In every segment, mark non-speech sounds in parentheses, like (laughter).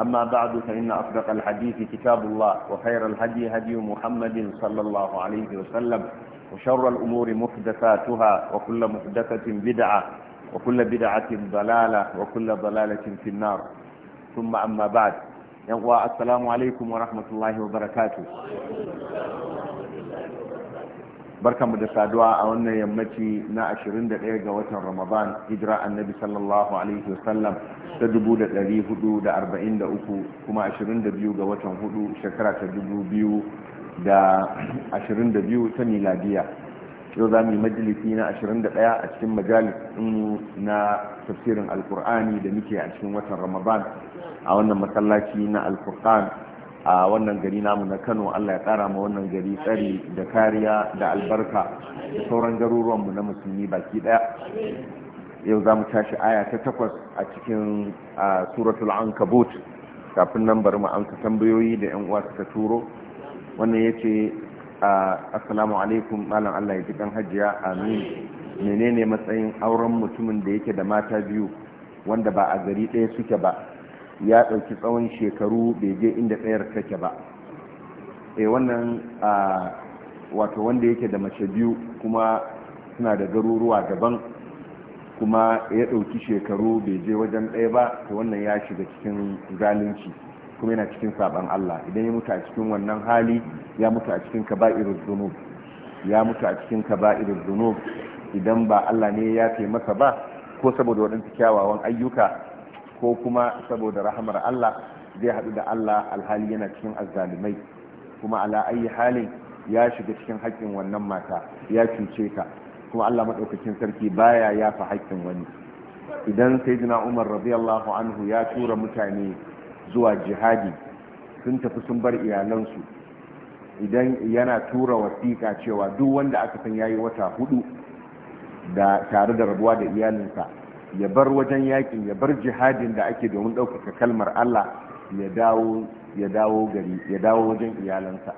أما بعد فإن أصدق الحديث كتاب الله وخير الهدي هدي محمد صلى الله عليه وسلم وشر الأمور محدثاتها وكل محدثة بدعة وكل بدعة ضلالة وكل ضلالة في النار ثم أما بعد يقوى السلام عليكم ورحمة الله وبركاته barkanmu da saduwa a wannan yammaci na 21 ga watan ramadan hijira annabi sallallahu alaihi wasallam ta 443 kuma 22 ga watan hudu shekara ta 2022 ta miladiya yau za mu yi majalisi na 21 a cikin majalis na tafsirin alkur'ani da muke a cikin watan ramadan a wannan masallaci na alkur'an a wannan gari namu na kano allah ya tsara ma wannan gari tsari da kariya da albarka da sauran garuruwanmu na musulmi baki daya yau za mu tashi aya ta takwas a cikin suratul ankabut kafin nan bari mu amsa tambayoyi da yan uwa suka turo wannan ya ce assalamu alaikum malam allah ya ji kan hajiya amin menene matsayin auren mutumin da yake da mata biyu wanda ba a gari ɗaya suke ba ya ɗauki tsawon shekaru bai je inda tsayar take ba e wannan wato wanda yake da mace biyu kuma suna da garuruwa daban kuma ya ɗauki shekaru bai je wajen ɗaya ba to wannan ya shiga cikin zalunci kuma yana cikin saban Allah idan ya mutu a cikin wannan hali ya mutu a cikin irin zunub ya mutu a cikin irin zunub idan ba Allah ne ya taimaka ba ko saboda waɗansu kyawawan ayyuka ko kuma saboda rahamar Allah zai haɗu da Allah alhali yana cikin azzalumai kuma ala ayi halin ya shiga cikin haƙƙin wannan mata ya cuce ta kuma Allah maɗaukakin sarki baya yafa haƙƙin wani idan sayyidina Umar radiyallahu anhu ya tura mutane zuwa jihadi sun tafi sun bar iyalansu idan yana tura wasiƙa cewa duk wanda aka san yayi wata hudu da tare da rabuwa da iyalinsa ya bar wajen yakin ya bar jihadin da ake domin ɗaukaka kalmar Allah ya dawo gari ya dawo wajen iyalansa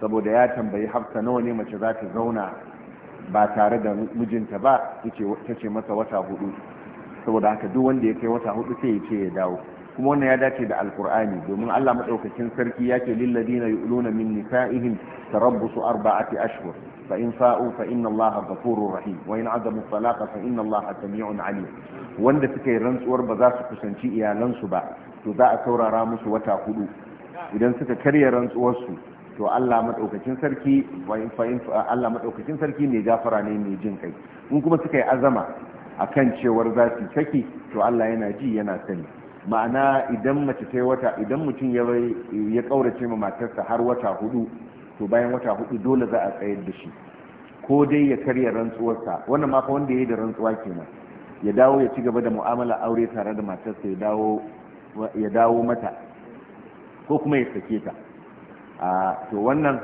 saboda ya tambayi hafsa nawa ne mace za ta zauna ba tare da mijinta ba ta ce masa wata hudu saboda haka duk wanda ya kai wata hudu sai ya ce ya dawo kuma wannan ya dace da alkur'ani domin Allah maɗaukakin sarki ya ce lillazina yu'luna min nisa'ihim tarabbusu arba'ati ashhur فإن فاءوا فإن الله غفور رحيم وإن عدموا الطلاق فإن الله سميع عليم suka yi rantsuwar ba za su kusanci iyalansu ba to za a saurara musu wata hudu idan suka karya rantsuwarsu to Allah madaukakin sarki mai gafara ne mai jin kai in kuma suka yi azama akan cewar za su saki to Allah yana ji yana sani ma'ana idan mace wata idan mutum ya ya kaurace ma matarsa har wata hudu to bayan wata hudu dole za a tsayar da shi ko dai ya karya rantsuwarsa wannan ma fa wanda ya da rantsuwa kenan ya dawo ya ci gaba da mu'amala aure tare da matarsa ya dawo ya dawo mata ko kuma ya sake ta a to wannan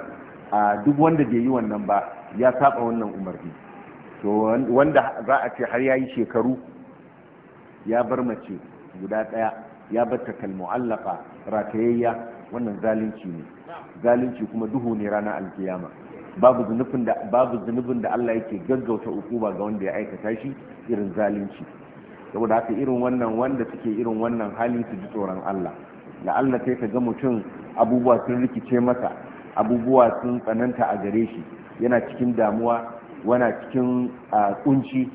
a duk wanda bai yi wannan ba ya saba wannan umarni to wanda za a ce har yayi shekaru ya bar mace guda daya ya bar ta kalmu'allaka ratayayya wannan zalunci ne zalunci kuma duhu ne ranar alkiyama babu zunubin da babu zunubin da Allah yake gaggauta ukuba ga wanda ya aikata shi irin zalunci saboda haka irin wannan wanda suke irin wannan hali su ji tsoron Allah da Allah sai ka ga mutum abubuwa sun rikice masa abubuwa sun tsananta a gare shi yana cikin damuwa wana cikin kunci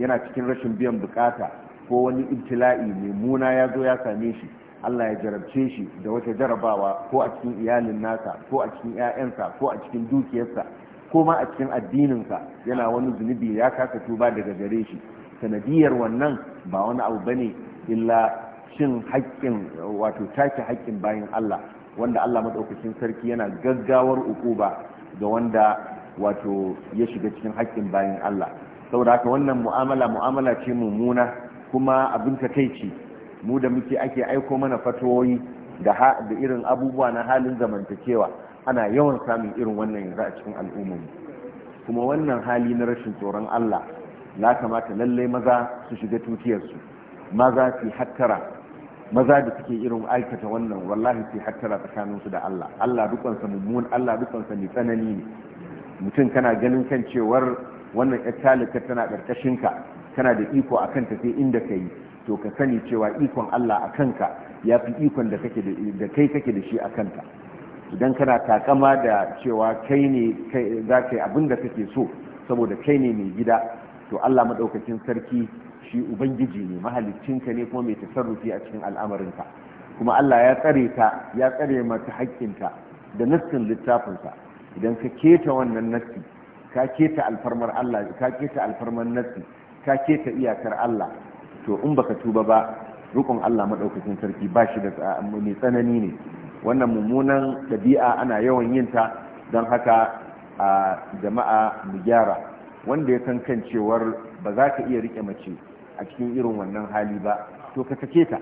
yana cikin rashin biyan bukata ko wani ibtila'i mai muna ya zo ya same shi Allah ya jarabce shi da wata jarabawa ko a cikin iyalin nasa ko a cikin 'ya'yansa ko a cikin dukiyarsa ko ma a cikin addininsa yana wani zunubi ya kasa tuba daga gare shi sanadiyar wannan ba wani abu bane illa shin haƙƙin wato take haƙƙin bayan Allah wanda Allah madaukakin sarki yana gaggawar ba ga wanda wato ya shiga cikin haƙƙin bayan Allah saboda haka wannan mu'amala mu'amala ce mummuna kuma abin takaici mu da muke ake aiko mana fatoyi da irin abubuwa na halin zamantakewa ana yawan samun irin wannan yanzu a cikin al'ummarmu kuma wannan hali na rashin tsoron Allah ya kamata lallai maza su shiga tutiyarsu maza su hattara maza da suke irin aikata wannan wallahi su hattara tsakaninsu da Allah Allah dukansa mummun Allah dukansa mai tsanani ne mutum kana ganin kan cewar wannan yar talika tana karkashin ka kana da iko akan ta sai inda ka yi to ka sani cewa ikon Allah a kanka ya fi ikon da kai kake da shi a kanta idan kana takama da cewa kai ne za ka yi abin da kake so saboda kai ne mai gida to Allah maɗaukacin sarki shi ubangiji ne mahaliccinka ne kuma mai tasarrufi a cikin al'amarinka kuma Allah ya tsare ta ya tsare mata haƙƙinta da nassin littafinsa idan ka keta wannan nassi ka keta alfarmar Allah ka keta alfarmar nassi ka keta iyakar Allah to in baka tuba ba rukun Allah madaukakin sarki ba shi da mai tsanani ne wannan mummunan ɗabi'a ana yawan yin ta don haka a jama'a mu gyara wanda ya san kan cewar ba za ka iya rike mace a cikin irin wannan hali ba to ka take ta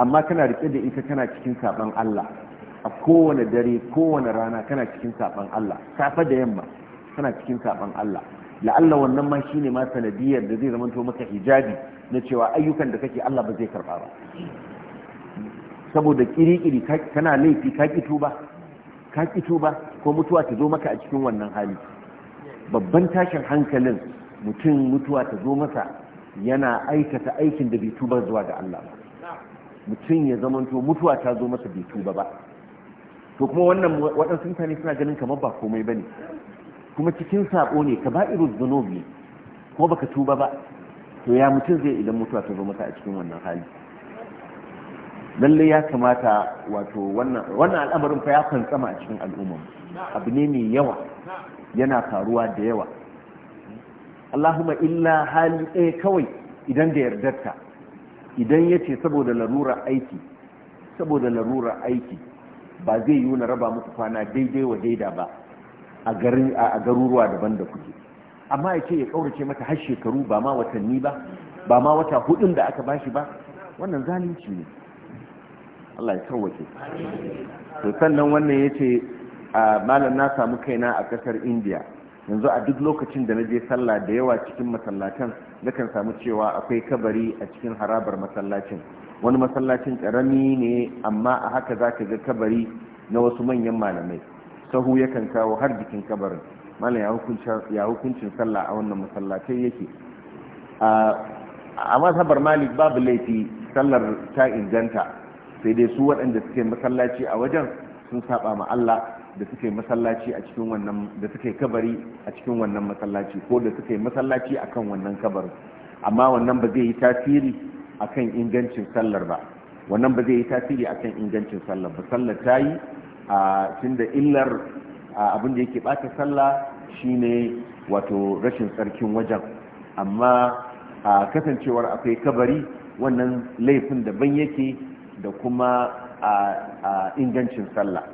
amma kana rike da ita kana cikin saban Allah a kowane dare kowane rana kana cikin saban Allah safe da yamma kana cikin saban Allah la'alla wannan ma shine ma sanadiyar da zai zama to maka hijabi na cewa ayyukan da kake Allah ba zai karba ba saboda kiri-kiri kana laifi ka kito ba ka ki ba ko mutuwa ta zo maka a cikin wannan hali babban tashin hankalin mutum mutuwa ta zo masa yana aikata aikin da bai tuba zuwa ga Allah ba mutum ya zamanto mutuwa ta zo masa bai tuba ba to kuma wannan waɗansu mutane suna ganin kamar ba komai bane kuma cikin saƙo ne ka ba'iru zunubi ko baka tuba ba to ya mutum zai idan mutuwa ta zo masa a cikin wannan hali lallai ya kamata wato wannan al'amarin fa ya fantsama a cikin al'umma abu ne mai yawa yana faruwa da yawa allahumma illa hali ɗaya kawai idan da yardarta idan ya ce saboda larurar aiki saboda larurar aiki ba zai yi na raba muku kwana daidai wa daida ba a garuruwa daban da kuke amma ya ce ya ƙaurace mata har shekaru ba ma watanni ba ba ma wata hudun da aka bashi ba wannan zalunci ne Allah ya sarwace to sannan wannan yace ce malam na samu kaina a kasar india yanzu a duk lokacin da na je sallah da yawa cikin masallatan nakan samu cewa akwai kabari a cikin harabar masallacin wani masallacin karami ne amma a haka zaka ga kabari na wasu manyan malamai sahu yakan kawo har jikin kabarin malam ya hukuncin sallah a wannan masallacin yake a masabar malik babu laifi sallar ta inganta sai dai su waɗanda suke masallaci a wajen sun saba ma Allah da suke masallaci a cikin wannan da suke kabari a cikin wannan masallaci ko da suke masallaci akan wannan kabarin amma wannan ba zai yi tasiri akan ingancin sallar ba wannan ba zai yi tasiri akan ingancin sallar ba sallar ta yi a tunda illar abin da yake bata sallah shine wato rashin tsarkin wajen amma a kasancewar akwai kabari wannan laifin daban yake da kuma a ingancin sallah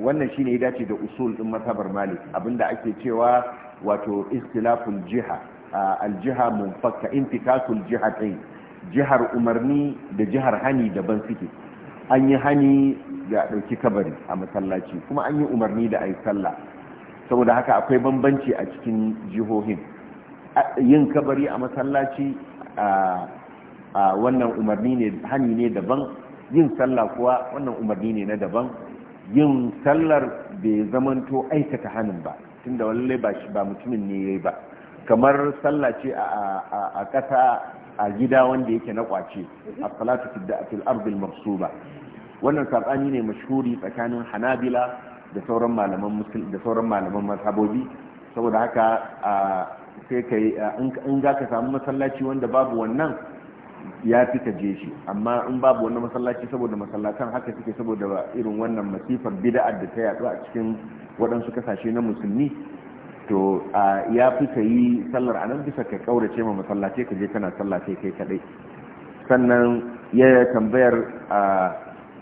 wannan shine ya dace da usul din masabar malik abinda ake cewa wato istilaful jiha aljiha munfakka jiha jihatain jihar umarni da jihar hani daban suke an yi hani ga ɗauki kabari a masallaci kuma an yi umarni da a yi sallah saboda haka akwai bambanci a cikin jihohin yin kabari a masallaci a wannan umarni ne hani ne daban yin sallah kuwa wannan umarni ne na daban yin sallar bai zamanto aikata hannun ba tunda wallai ba shi ba mutumin ne yayi ba kamar sallah ce a ƙasa a gida wanda yake na kwace a salatu fil ardil marsuba wannan sabani ne mashhuri tsakanin hanabila da sauran malaman musul da sauran malaman mazhabobi saboda haka sai kai in za ka samu masallaci wanda babu wannan ya fi ka je shi amma in babu wannan masallaci saboda masallatan haka suke saboda irin wannan masifar bida'ar da ta yaɗu a cikin waɗansu kasashe na musulmi to ya fi ka yi sallar anan bisa ka kaurace ma masallaci ka je kana sallace kai kaɗai sannan ya tambayar a.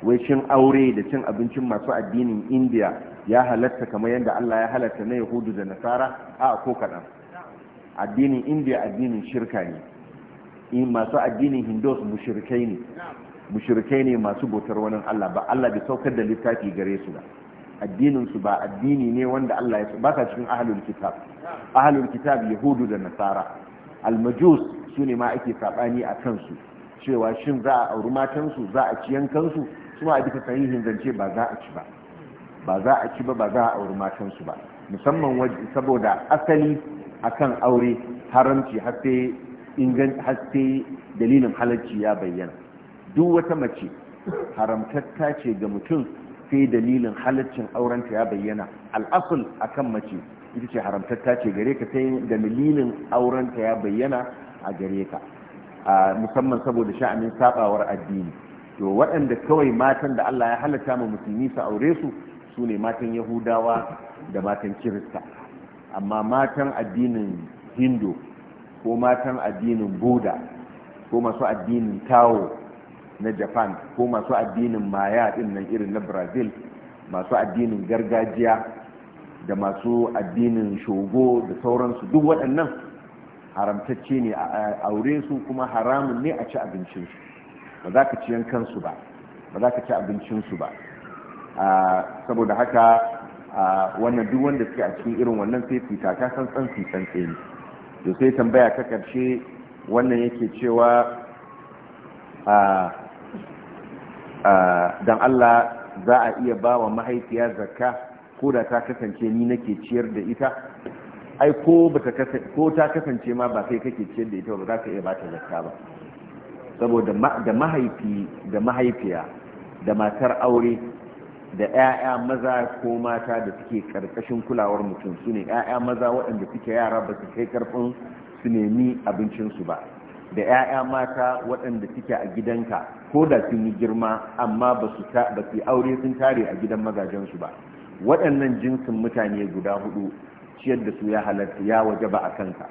wai cin aure da cin abincin masu addinin indiya ya halatta kamar yadda allah ya halatta na yahudu da nasara a ko kaɗan addinin indiya addinin shirka ne masu addinin hindus mushrikai ne mushrikai ne masu bautar wani allah ba allah bai saukar da littafi gare su ba addinin su ba addini ne wanda allah ya ba sa cikin ahlul kitab kitab yahudu da nasara almajus su ne ma ake saɓani a kansu cewa shin za a auri matansu za a ciyan kansu kuma a bisa sahihin zance ba za a ci ba ba za a ci ba ba za a auri matansu ba musamman saboda asali akan aure haramci har dalilin halarci ya bayyana duk wata mace haramtatta ce ga mutum sai dalilin halarcin aurenta ya bayyana al'asul akan mace ita ce haramtatta ce gare ka sai dalilin aurenta ya bayyana a gare ka musamman saboda sha'anin sabawar addini to waɗanda kawai matan da Allah ya halatta ma musulmi su aure su su ne matan yahudawa da matan kirista amma matan addinin hindu ko matan addinin buda ko masu addinin tawo na japan ko masu addinin maya din nan irin na brazil masu addinin gargajiya da masu addinin shogo da sauransu duk waɗannan haramtacce ne a aure su kuma haramun ne a ci abincinsu ba za ka ci yankansu ba ba za ka ci abincinsu ba saboda haka wannan duk wanda suke a cikin irin wannan sai fita ta san tsan san tsere to sai tambaya ta karshe wannan yake cewa dan Allah za a iya ba wa mahaifiya zakka ko da ta kasance ni nake ciyar da ita ai ko ta kasance ma ba kai kake ciyar da ita ba za ka iya ba ta zakka ba saboda da mahaifi da mahaifiya da matar aure da 'ya'ya maza ko mata da suke karkashin kulawar mutum su ne 'ya'ya maza waɗanda suke yara ba su kai karfin su nemi abincinsu ba da 'ya'ya mata waɗanda suke a gidanka ko da sun yi girma amma ba su yi aure sun tare a gidan magajensu ba waɗannan jinsin mutane guda hudu ciyar da su ya halatta ya waje ba a kanka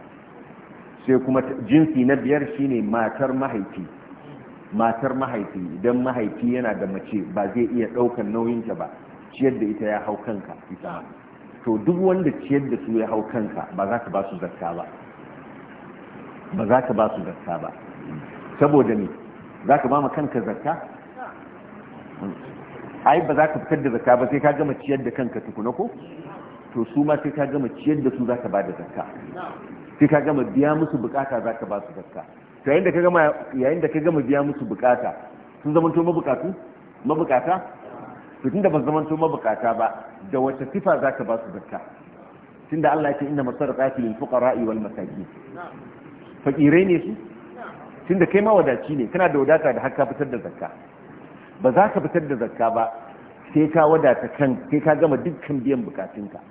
sai kuma jinsi na biyar shine matar mahaifi matar mahaifi idan mahaifi yana da mace ba zai iya ɗaukan nauyinta ba ciyar da ita ya hau kanka ita to duk wanda ciyar da su ya hau kanka ba za ka ba su zakka ba ba za ka ba su zakka ba saboda ne za ka ba ma kanka zakka ai ba za ka fitar da zakka ba sai ka gama ciyar da kanka tukuna ko to su ma sai ka gama ciyar da su za ka ba da zakka sai ka gama biya musu bukata za ka ba su zakka yayin da ka gama biya musu bukata sun to mabukatu mabukata to tunda ba to mabukata ba da wace sifa za ka ba su zakka tunda Allah ya ce inna masarqati lil fuqara'i wal masaki, faƙirai ne su tunda kai ma wadaci ne kana da wadata da har ka fitar da zakka ba za ka fitar da zakka ba sai ka wadata kan sai ka gama dukkan biyan bukatunka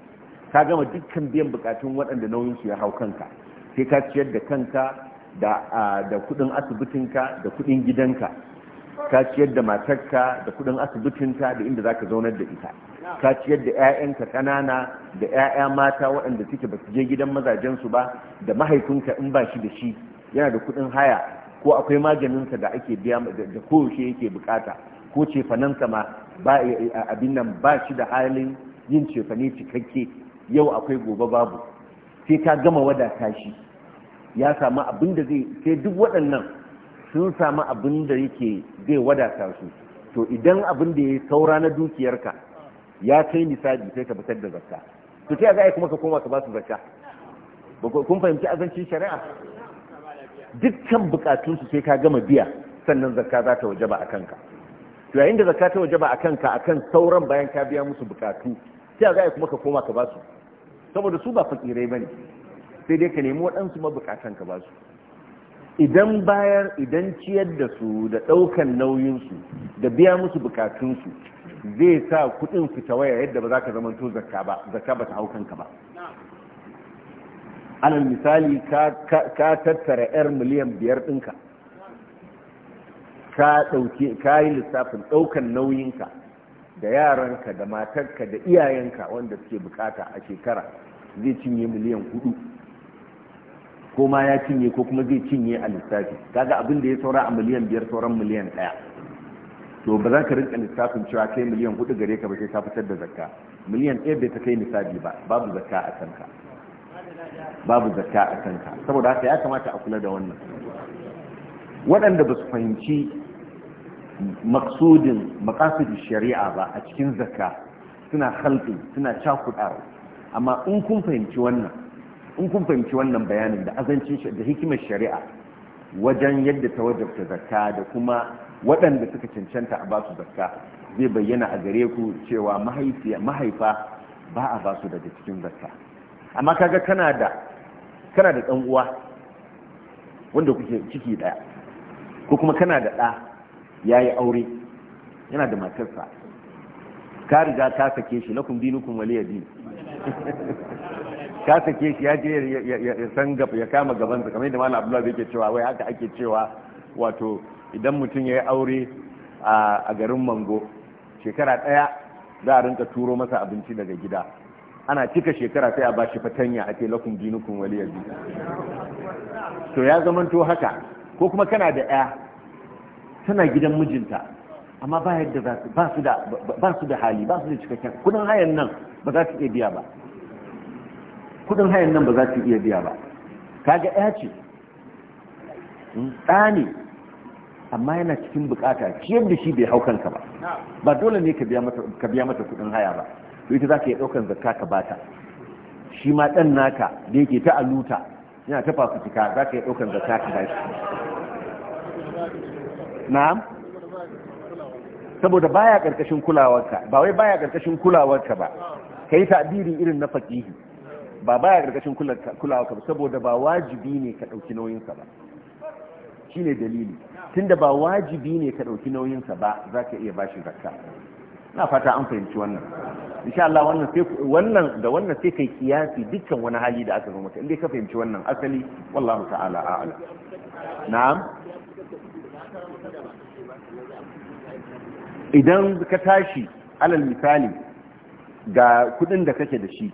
ka gama dukkan biyan bukatun waɗanda nauyin su ya hau kanka sai ka ciyar da kanka da da kudin asibitinka da kudin gidanka ka ciyar da matarka da kudin asibitinta da inda zaka zaunar da ita ka ciyar da 'ya'yanka kanana da 'ya'ya mata waɗanda suke ba su je gidan mazajensu ba da mahaifinka in ba shi da shi yana da kudin haya ko akwai maganinsa da ake biya da koyaushe yake bukata ko cefanansa ma abin nan ba shi da halin yin cefane cikakke yau akwai gobe babu sai ka gama wada shi ya samu abin da zai sai duk waɗannan sun samu abin da yake zai wadata su to idan abin da ya saura na dukiyarka ya kai misali sai ka fitar da zakka to ta za a kuma ka koma ka ba su zakka kun fahimci azancin shari'a dukkan bukatunsu sai ka gama biya sannan zakka za ta waje ba a kanka to yayin da zakka ta waje ba a kanka akan sauran bayan ka biya musu bukatu sai ga kuma ka koma ka ba su saboda su ba fakirai bane sai dai ka nemi waɗansu mabukatan ka ba su idan bayar idan ciyar da su da ɗaukan nauyinsu da biya musu bukatunsu zai sa kuɗin su waya yadda ba za ka zama to zakka ba zakka ba ta hau kanka ba alal misali ka tattara yar miliyan biyar ɗinka ka ɗauki ka yi lissafin ɗaukan nauyinka da yaranka da matarka da iyayenka wanda suke bukata a shekara zai cinye miliyan hudu ko ma ya cinye ko kuma zai cinye a lissafi kaga abin da ya saura a miliyan biyar sauran miliyan daya to ba za ka rinka lissafin cewa kai miliyan hudu gare ka ba sai ka fitar da zakka miliyan ɗaya bai ta kai lissafi ba babu zakka a kanka babu zakka a kanka saboda haka ya kamata a kula da wannan waɗanda ba su fahimci maksudin makasudin shari'a ba a cikin zakka suna halƙi suna cakuɗawa amma in kun fahimci wannan in kun fahimci wannan bayanin da azancin da hikimar shari'a wajen yadda ta wajabta zakka da kuma waɗanda suka cancanta a basu zakka zai bayyana a gare ku cewa mahaifa ba a basu daga cikin zakka amma kaga kana da kana da ɗan uwa wanda kuke ciki ɗaya ko kuma kana da ɗa ya yi aure yana da matarsa ka riga ka sake shi lakum dinukum waliya din ka sake shi ya je ya san ya kama gabansa kamar yadda malam abdullahi yake cewa wai haka ake cewa wato idan mutum ya yi aure a garin mango shekara ɗaya za a rinka turo masa abinci daga gida ana cika shekara sai a ba shi fatanya a telakun dinukun waliyar to ya zamanto haka ko kuma kana da 'ya tana gidan mijinta amma ba yadda ba su da hali ba su da cikakken kudin hayan nan ba za su iya biya ba kudin hayan nan ba za su iya biya ba kaga ya ce hmm, ɗani amma yana cikin bukata ciyar da shi bai hau kanka ba ba dole ne ka biya mata kudin haya ba to ita za ka iya ɗaukan zakka ka bata shi ma ɗan naka da yake ta aluta yana ta fafutuka za ka iya ɗaukan zakka ka shi na'am saboda baya karkashin kulawarka ba wai baya karkashin kulawarka ba kai ta'biri irin na faqihi ba baya karkashin kulawarka ba saboda ba wajibi ne ka dauki nauyin sa ba shine dalili tunda ba wajibi ne ka dauki nauyin sa ba zaka iya bashi zakka na fata an fahimci wannan insha Allah wannan sai wannan da wannan sai kai kiyasi dukkan wani hali da aka zo maka indai ka fahimci wannan asali wallahu ta'ala a'lam na'am idan ka tashi alal misali ga kudin da kake da shi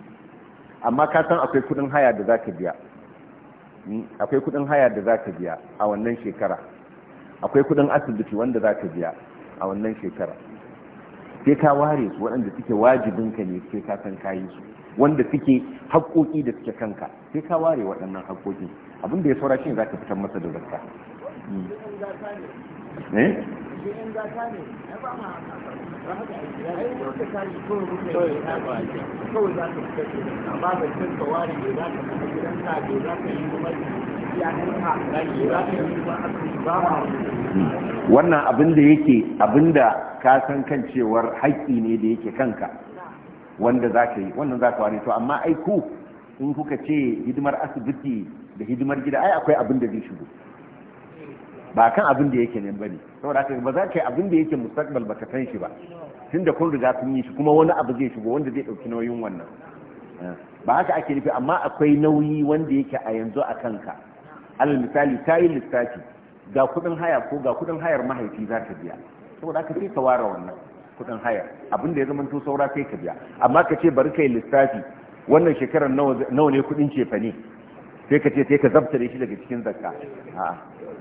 amma ka san akwai kudin haya da zaka biya hmm? akwai kudin haya da zaka biya a wannan shekara akwai kudin asibiti wanda zaka biya a wannan shekara sai ka ware su waɗanda suke wajibinka ne sai ka san kayi su wanda suke haƙoƙi da suke kanka sai ka ware waɗannan haƙoƙi abin da ya saura shi ne zaka fitar masa da zakka hmm. eh? gata ne ya ba ne wannan abin da yake abin da ka san kan cewar haƙƙi ne da yake kanka wanda za ka yi wannan za ka ware to amma ai ku in kuka ce hidimar asibiti da hidimar gida ai akwai abin da zai shigo ba kan abin da yake nan bane saboda haka ba za ka yi abin da yake mustaqbal baka san shi ba tunda kun riga kun yi shi kuma wani abu zai shigo wanda zai dauki nauyin wannan ba haka ake nufi amma akwai nauyi wanda yake a yanzu a kanka alal misali ta yi lissafi ga kudin haya ko ga kudin hayar mahaifi za ka biya saboda haka sai ka ware wannan kudin haya abin da ya zama to saura sai ka biya amma ka ce bari kai lissafi wannan shekarar nawa ne kudin cefane, ne sai ka ce sai ka zabtare shi daga cikin zakka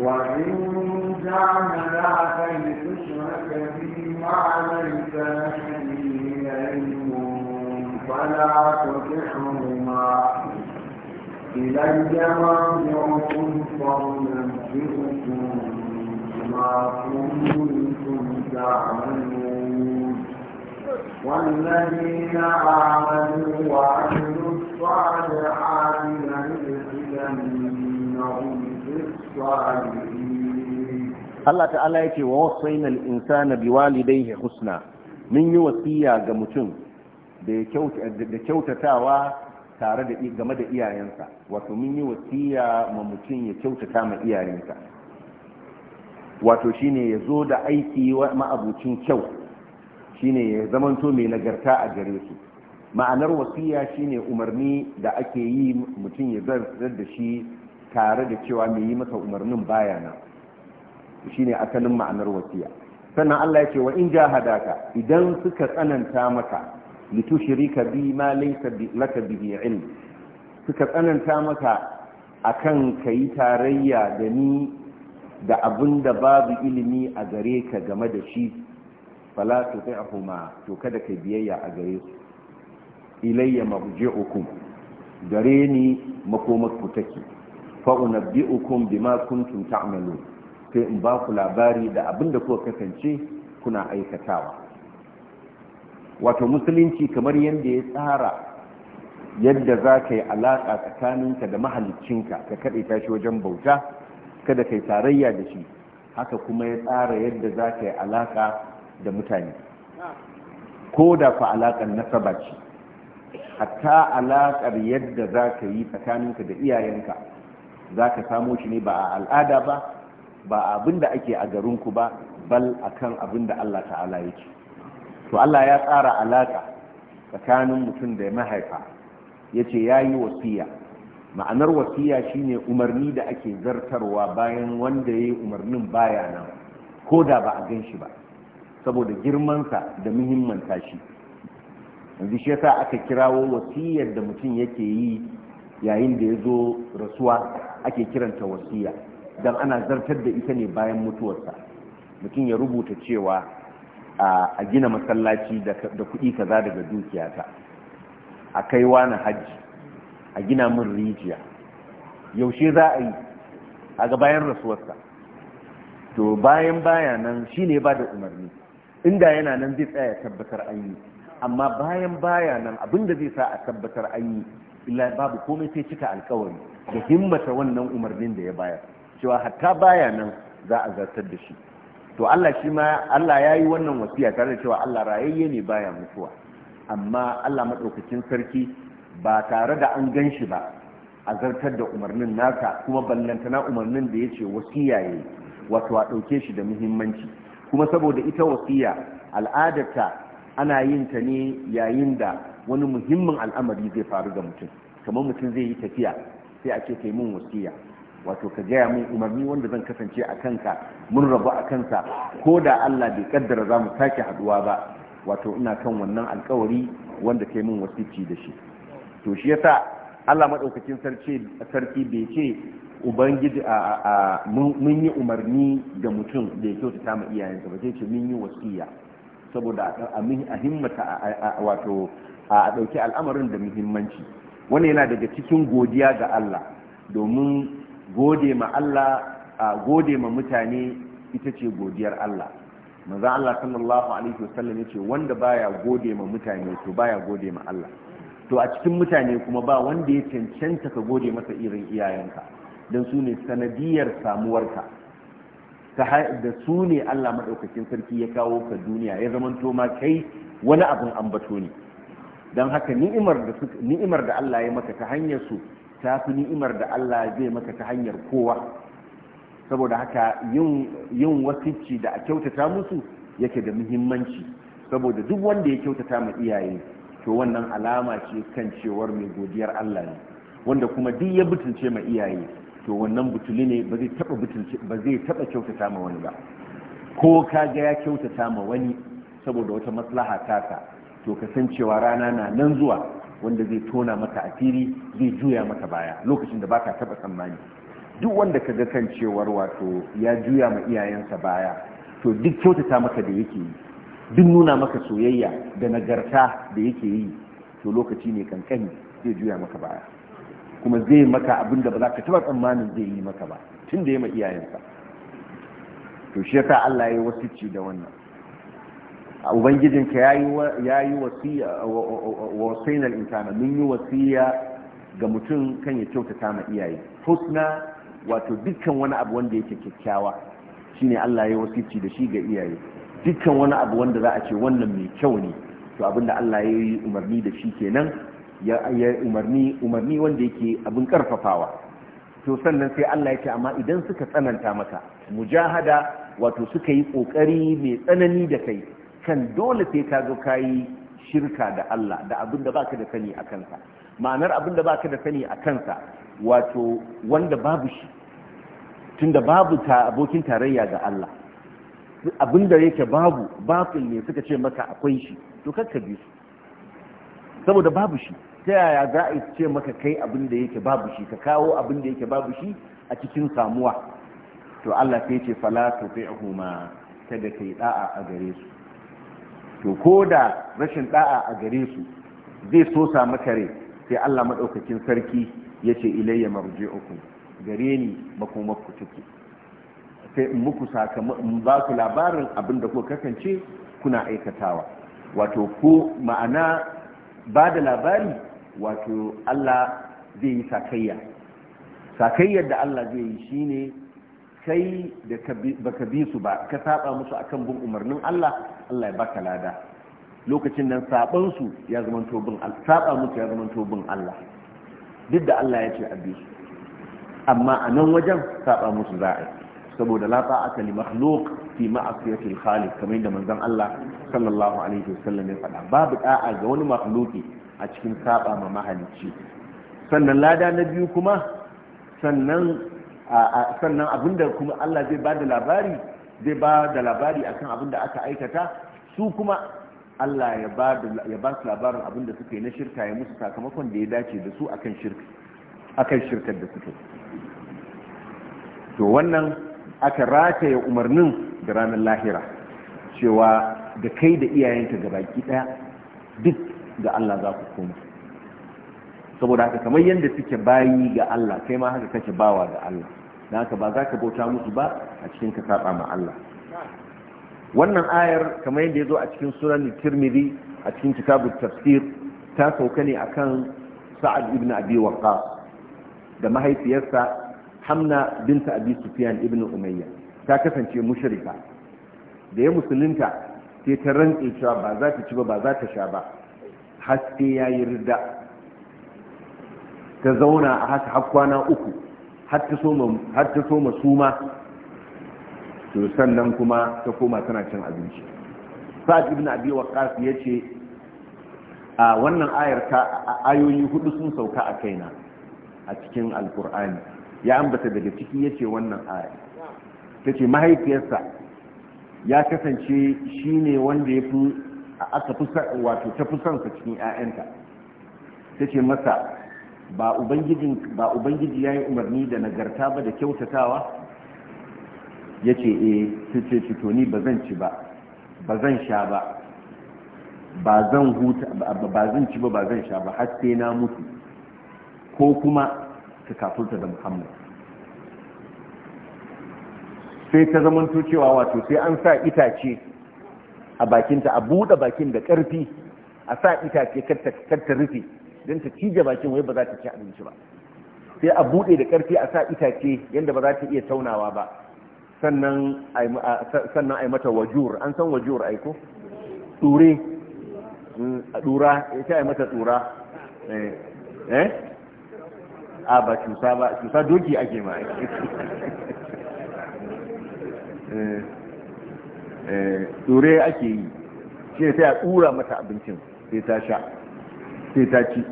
وإن جعلناك لتشرك بي ما ليس لك به علم فلا تطعهما إلي مرجعكم فأنبئكم بما كنتم تعملون والذين آمنوا وعملوا الصالحات لهم Allah ta'ala yake wa wasaina al dai ya husna mun yi wasiya ga mutum da kyautatawa tare da game da iyayensa wato mun yi wasiya ma mutum ya kyautata ma iyayensa wato shine ya zo da aiki ma'abucin kyau shine ya zamanto mai nagarta a gare su ma'anar wasiya shine umarni da ake yi mutum ya zarar da shi tare da cewa mai yi masa umarnin baya nan ne asalin ma'anar wasiya sannan Allah ya ce wa in jahadaka idan suka tsananta maka shirika bi ma laysa laka bihi ilm suka tsananta maka akan kai tarayya da ni da abin da babu ilimi a gare ka game da shi fala ta'huma to kada ka biyayya a gare su ilayya mabji'ukum gare ni makomar ku take fa'unabbi'ukum bima kuntum ta'malun sai in ba ku labari da abin da kuka kasance kuna aikatawa wato musulunci kamar yadda ya tsara yadda za ka yi alaƙa tsakaninka da mahaliccinka ka kaɗe tashi wajen bauta kada kai tarayya da shi haka kuma ya tsara yadda za ka yi alaƙa da mutane ko da ku alaƙar nasaba ce hatta alaƙar yadda za ka yi tsakaninka da iyayenka za ka samo shi ne ba a al'ada ba ba abin da ake a garinku ba bal kan abin da Allah ta'ala yake to Allah ya tsara alaƙa tsakanin mutum da mahaifa ya ce ya yi wasiya ma'anar wasiya shine umarni da ake zartarwa bayan wanda ya yi umarnin baya nan ko da ba a gan shi ba saboda girmansa da muhimmanta shi yanzu shi yasa aka kirawo wasiyar da mutum yake yi yayin da ya zo rasuwa ake kiranta wasiya don ana zartar da ita ne bayan mutuwarsa mutum ya rubuta cewa a gina masallaci da kuɗi kaza daga dukiyata a kaiwa na hajji a gina min rijiya yaushe za a yi a ga bayan rasuwarsa to bayan baya nan shi ne ba da umarni inda yana nan zai tsaya tabbatar an yi amma bayan baya nan abinda zai sa a tabbatar an yi illa babu komai sai cika alkawari da himmata wannan umarnin da ya bayar cewa hatta baya nan za a zartar da shi to Allah shi ma Allah ya yi wannan wasiya tare da cewa Allah rayayye ne baya mutuwa amma Allah maɗaukakin sarki ba tare da an ganshi ba a zartar da umarnin nasa kuma na umarnin da ya ce wasiya ya wato a ɗauke shi da muhimmanci kuma saboda ita wasiya al'adarta ana yin ta ne yayin da wani muhimmin al'amari zai faru ga mutum kamar mutum zai yi tafiya sai a ce kai mun wasiya wato ka gaya mun umarni wanda zan kasance a kanka mun rabu a kansa ko da Allah bai kaddara za mu sake haduwa ba wato ina kan wannan alkawari wanda kai mun wasici da shi to shi yasa Allah madaukakin sarki sarki bai ce ubangiji a mun yi umarni ga mutum da ya kyautata ma iyayensa ba sai ce mun yi wasiya saboda a himmata wato a ɗauki al'amarin da muhimmanci Wani yana daga cikin godiya ga Allah domin gode ma Allah a gode ma mutane ita ce godiyar Allah Maza Allah sallallahu alaihi wasallam ce wanda baya gode ma mutane to baya gode ma Allah to a cikin mutane kuma ba wanda ya cancanta ka gode masa irin iyayenka dan su ne sanadiyar samuwarka da su ne Allah maɗaukacin sarki ya kawo ka duniya ya zamanto ma kai wani abin ambato ne don haka ni'imar da Allah ya maka ta hanyar su ta fi ni'imar da Allah zai maka ta hanyar kowa saboda haka yin wasicci da a kyautata musu yake da muhimmanci saboda duk wanda ya kyautata ma iyaye to wannan alama ce kan cewar mai godiyar Allah ne wanda kuma duk ya butulce ma iyaye to wannan butuli ne ba zai taba kyautata ma wani ba ko kaga ya kyautata ma wani saboda wata maslaha tasa to cewa rana na nan zuwa wanda zai tona maka asiri zai juya maka baya lokacin da baka taba tsammani duk wanda ka ga kan cewar wato ya juya ma iyayensa baya to duk kyautata maka da yake yi duk nuna maka soyayya da nagarta da yake yi to lokaci ne kankani zai juya maka baya kuma zai maka abin da ba za ka taba tsammanin zai yi maka ba tun da ya ma iyayensa to shi sa Allah ya yi ci da wannan ubangijinka ya yi wasiya insana mun yi wasiya ga mutum kan ya kyautata ma iyaye husna wato dukkan wani abu wanda yake kyakkyawa shine Allah ya wasici da shi ga iyaye dukkan wani abu wanda za a ce wannan mai kyau ne to abinda Allah ya yi umarni da shi kenan ya umarni umarni wanda yake abin karfafawa to sannan sai Allah ya ce amma idan suka tsananta maka mujahada wato suka yi kokari mai tsanani da kai kan dole sai ka zo ka yi shirka da Allah da abin da baka da sani a kansa ma'anar abin da baka da sani a kansa wato wanda babu shi tunda babu ta abokin tarayya ga Allah abin da yake babu bafin ne suka ce maka akwai shi to kakka bi su saboda babu shi ta yaya za a ce maka kai abin da yake babu shi ka kawo abinda yake babu shi a cikin samuwa to Allah sai ce fala tufi'huma kada kai da'a a gare su to ko da rashin da'a a gare su zai so samu kare sai Allah madaukakin sarki ya ce ilayya marji'ukum gare ni ba ku take sai in muku in ba ku labarin abin da kuka kasance kuna aikatawa wato ko ma'ana ba da labari wato Allah zai yi sakayya sakayyar da Allah zai yi shine kai da ka bi su ba ka saba musu akan bin umarnin Allah Allah ya baka lada lokacin nan saban su ya zama tobin Allah saba musu ya zama tobin Allah duk da Allah ya ce a bi su amma a nan wajen saba musu za a saboda la a li makhluq fi ma'siyati al-khaliq kamar da manzon Allah sallallahu alaihi wasallam ya faɗa babu da'a ga wani makhluki a cikin saba ma mahalicci sannan lada na biyu kuma sannan sannan abinda kuma Allah zai ba da labari zai ba da labari akan abinda aka aikata su kuma Allah ya ba su labarin abinda suka na shirka ya musu sakamakon da ya dace da su akan shirkar da suke to wannan aka rataye umarnin da ranar lahira cewa da kai da iyayenka gabaki daya duk ga Allah za ku koma saboda haka kamar yadda suke bayi ga Allah kai ma haka kake bawa ga Allah da haka ba za ka bauta musu ba a cikin ka saba ma Allah wannan ayar kamar yadda ya zo a cikin sunan tirmidhi a cikin kitabu tafsir ta sauka ne akan sa'ad ibn abi waqqas da mahaifiyarsa hamna binta abi sufyan ibn umayya ta kasance mushrika da ya musulunta sai ta rantse cewa ba za ta ci ba ba za ta sha ba har sai yayi ridda ta zauna a haka har kwana uku har ta soma suma to sannan kuma ta koma tana cin abinci sa'ad ibn abi ya yace a wannan ayar ta ayoyi hudu sun sauka a kaina a cikin alqur'ani ya ambata daga ciki yace wannan ayar tace mahaifiyarsa ya kasance shine wanda yafi aka fi wato ta fi son sa cikin ƴaƴanta tace masa ba ubangiji ya yi umarni da nagarta ba da kyautatawa ya eh, ce e ce fito ni ba zan ci ba ba zan sha ba ba zan huta ba zan ci ba ba zan sha ba har sai na mutu ko kuma ka kafulta da muhammad sai ta zamanto cewa wato sai an sa itace a bakinta a buɗe bakin da ƙarfi a sa itace kar ta rufe don ta cije bakin wai ba za ta ci abinci ba sai a buɗe da ƙarfi a sa itace yadda ba za ta iya taunawa ba sannan a yi mata wajur an san wajur aiko ɗure hmm, a ɗura ce a yi mata ɗura eh, eh a ba cusa ba cusa doki ake ma (laughs) eh, eh, ɗure ake yi shi sai a ɗura mata abincin sai ta sha sai ta ci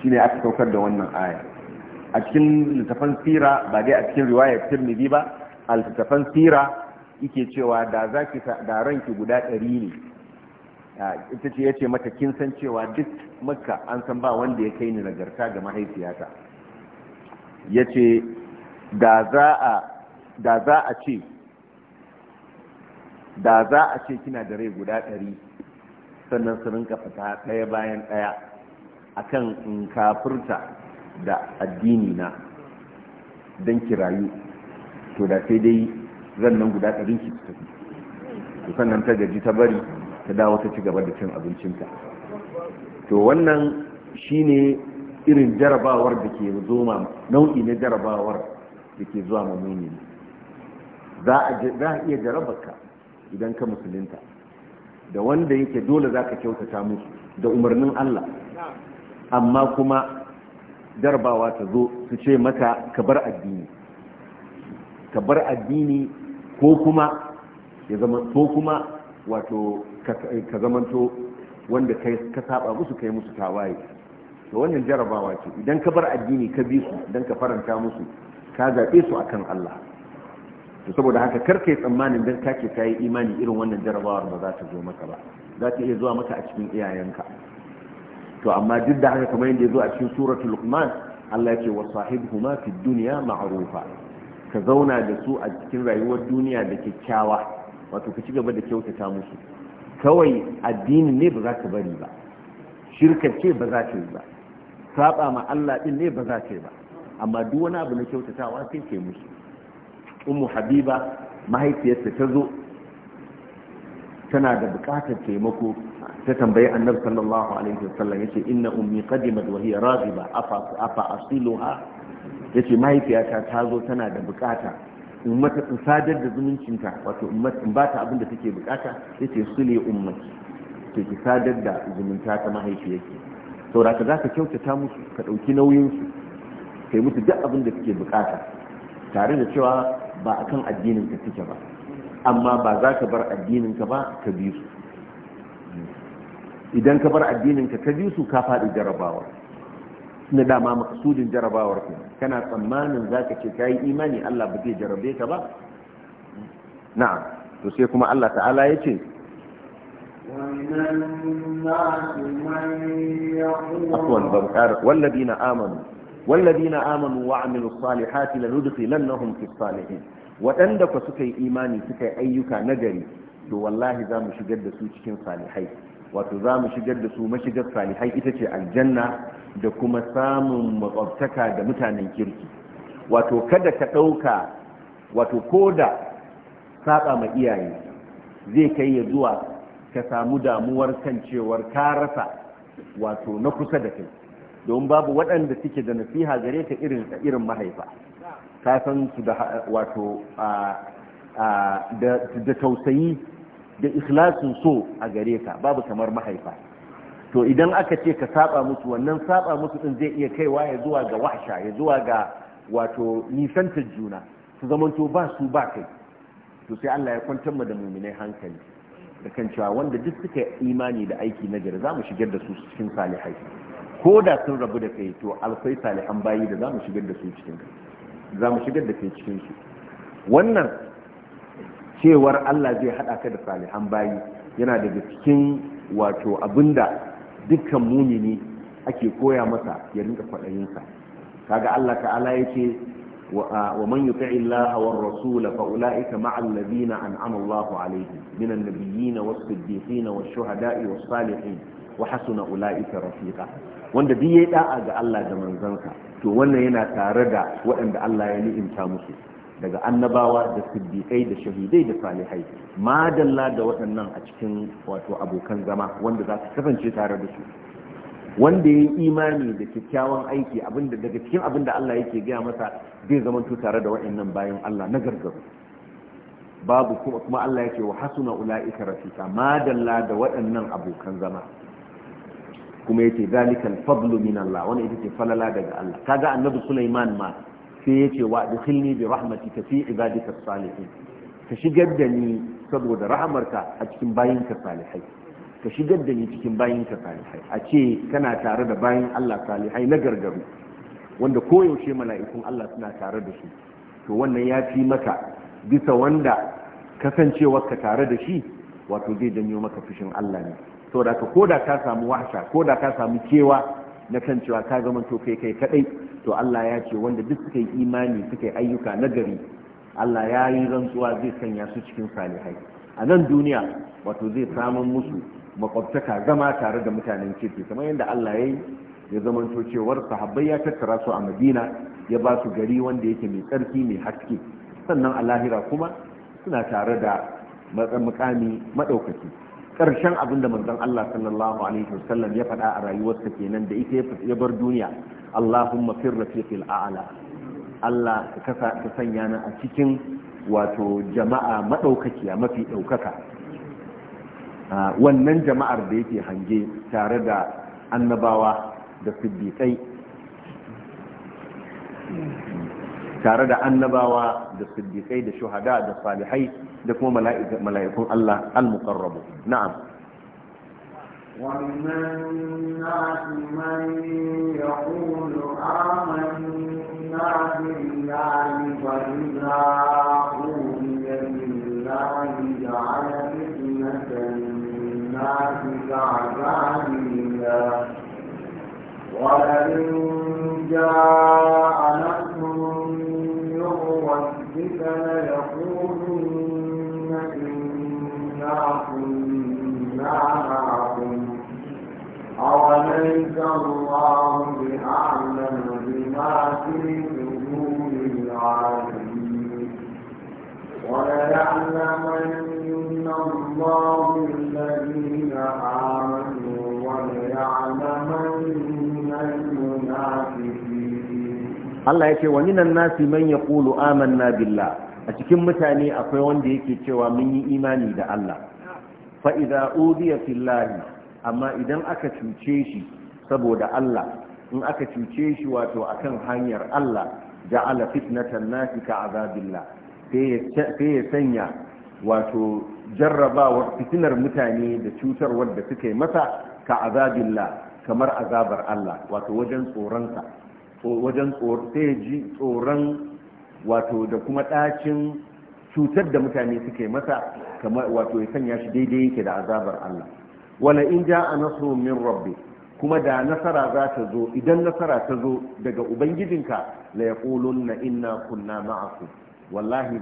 shi ne aka saukar da wannan aya a cikin littafan sira ba dai a cikin riwayar tirmidhi ba a littafan sira yake cewa da za ki da ranki guda ɗari ne ita ce ya ce mata kin san cewa duk makka an san ba wanda ya kai ni nagarta ga mahaifiyata ya ce da za a ce kina da rai guda ɗari sannan su rinka fita ɗaya bayan ɗaya akan in kafurta da addini na don kirayu to da sai dai zan nan guda ɗarin ki ta tafi to sannan ta gaji ta bari ta dawo ta ci gaba da cin abincinta to wannan shine irin jarabawar da ke zoma nau'i na jarabawar da ke zuwa mamuni za a iya jarabarka idan ka musulunta da wanda yake dole za ka kyautata musu da umarnin Allah amma kuma darbawa ta zo su ce mata ka bar addini ka bar addini ko kuma ya zama ko kuma wato ka zamanto wanda ka saba musu kai musu tawaye to wannan jarabawa ce idan ka bar addini ka bi su idan ka faranta musu ka zaɓe su akan Allah to saboda haka karka yi tsammanin dan kake ka yi imani irin wannan jarabawar ba za ta zo maka ba za ta iya zuwa maka a cikin iyayenka to amma duk da haka kamar yadda ya zo a cikin suratul luqman Allah ya ce wa sahibhuma fid dunya ma'rufa ka zauna da su a cikin rayuwar duniya da kyakkyawa wato ka ci gaba da kyautata musu kawai addini ne ba za ka bari ba shirkace ba za ka yi ba saba ma Allah din ne ba za ka yi ba amma duk wani abu na kyautatawa sai ke musu ummu habiba mahaifiyarsa ta zo tana da bukatar taimako ta tambayi annabi sallallahu alaihi wasallam yace inna ummi qadimat wa hiya raghiba afa afa asiluha yace mahaifiyata ta zo tana da bukata in mata sadar da zumuncinta wato in ba ta abin da take bukata yace sule ummaki to ki sadar da zumunta ta mahaifiyarki saboda ka zaka kyautata musu ka dauki nauyin su kai musu duk abin da suke bukata tare da cewa ba akan addinin ka kake ba amma ba za ka bar addininka ba ka bi su idan ka bar addininka ka bi su ka faɗi jarabawar na dama maksudin jarabawar ka kana tsammanin za ka ce ka yi imani Allah ba zai jarabe ka ba na'am to sai kuma Allah ta'ala ya ce afwan ban ƙara wallabi na amanu والذين آمنوا وعملوا الصالحات لندخلنهم في الصالحين waɗanda ku suka yi imani suka yi ayyuka nagari to wallahi za mu shigar da su cikin salihai wato za mu shigar da su mashigar salihai ita ce aljanna da kuma samun makwabtaka da mutanen kirki wato kada ka ɗauka wato ko da saba ma iyaye zai kai ya zuwa ka samu damuwar kan cewar ka rasa wato na kusa da kai don babu waɗanda suke da nasiha gare ka irin irin mahaifa ta san su da wato da tausayi da ikhlasin so a gare ka babu kamar mahaifa to idan aka ce ka saba musu wannan saba musu din zai iya kaiwa ya zuwa ga wahsha ya zuwa ga wato nisantar juna su zamanto ba su ba kai to sai Allah ya kwantar mu da muminai hankali da kan cewa wanda duk suka imani da aiki na gari za mu shigar da su cikin salihai ko da sun rabu da kai to alfai salihan bayi da zamu shigar da su cikin zamu shigar da kai cikin su wannan cewar Allah zai hada ka da salihan bayi yana daga cikin wato abinda dukkan mumini ake koya masa ya rinka kwaɗayin sa kaga Allah ta'ala yake wa man yuti'i Allah war rasul fa ulaika ma'al ladina an'ama Allahu alaihim minan nabiyyin was siddiqin wash shuhada'i was salihin wa hasuna ulaika rafiqa wanda duk yayi da'a ga Allah da manzansa to wannan yana tare da waɗanda Allah ya ni'imta musu daga annabawa da siddiƙai da shahidai da salihai madalla da waɗannan a cikin wato abokan zama wanda za su kasance tare da su wanda ya yi imani da kyakkyawan aiki abinda daga cikin abinda da Allah yake gaya masa zai zama tare da waɗannan bayan Allah na gargaru babu kuma Allah ya yake wa hasuna ula'ika rafiqa madalla da waɗannan abokan zama kuma yace zalikal fadlu min Allah wannan ita ce falala daga Allah kaga annabi Sulaiman ma sai yace wa adkhilni bi rahmatika fi ibadika salihin ka shigar da ni saboda rahamarka a cikin bayinka salihai ka shigar da ni cikin bayinka salihai a ce kana tare da bayin Allah salihai na gargaru wanda koyaushe mala'ikun Allah suna tare da su to wannan ya fi maka bisa wanda kasancewarka tare da shi wato zai janyo maka fushin Allah ne saboda ka koda ka samu wahsha koda ka samu cewa na kan cewa ka zama to kai kai kadai to Allah ya ce wanda duk suka yi imani suka yi ayyuka na gari Allah ya yi rantsuwa zai sanya su cikin salihai a nan duniya wato zai samun musu makwabtaka zama tare da mutanen kirki kamar yadda Allah ya yi ya zama to cewar sahabbai ya tattara su a Madina ya ba su gari wanda yake mai tsarki mai haske sannan a lahira kuma suna tare da mukami madaukaki ƙarshen abin da manzon Allah sallallahu alaihi wasallam ya faɗa a rayuwarsa kenan da ita ya bar duniya Allahumma fir rafiqil a'la Allah ka sanya ni a cikin wato jama'a madaukakiya mafi daukaka wannan jama'ar da yake hange tare da annabawa da siddiqai tare da annabawa da siddiqai da shuhada da salihai da kuma mala'ikun Allah al-muqarrabu na'am ومن الناس من يقول آمنا بالله فإذا أوذي بالله جعل فتنة الناس جاء وليعلمن الله الذين آمنوا وليعلمن المنافقين الله يكي ومن الناس من يقول آمنا بالله أتكم متاني أقوى وندي يكي تشوى مني إيماني دا الله فإذا أوذي في الله أما إذا أكتم تشيشي سبو دا الله إن أكتم تشيشي واتو أكن حانير الله جعل فتنة الناس كعذاب الله sai ya sanya wato jarrabawar fitinar mutane da cutarwar da suka yi masa ka azabinla kamar azabar Allah wato wajen tsoronsa wajen sai ji tsoron wato da kuma ɗacin cutar da mutane suka yi masa kamar wato ya sanya shi daidai yake da azabar Allah wala in ja'a naso min rabbi kuma da nasara za ta zo idan nasara ta zo daga ubangijinka la yaqulunna inna kunna ma'akum wallahi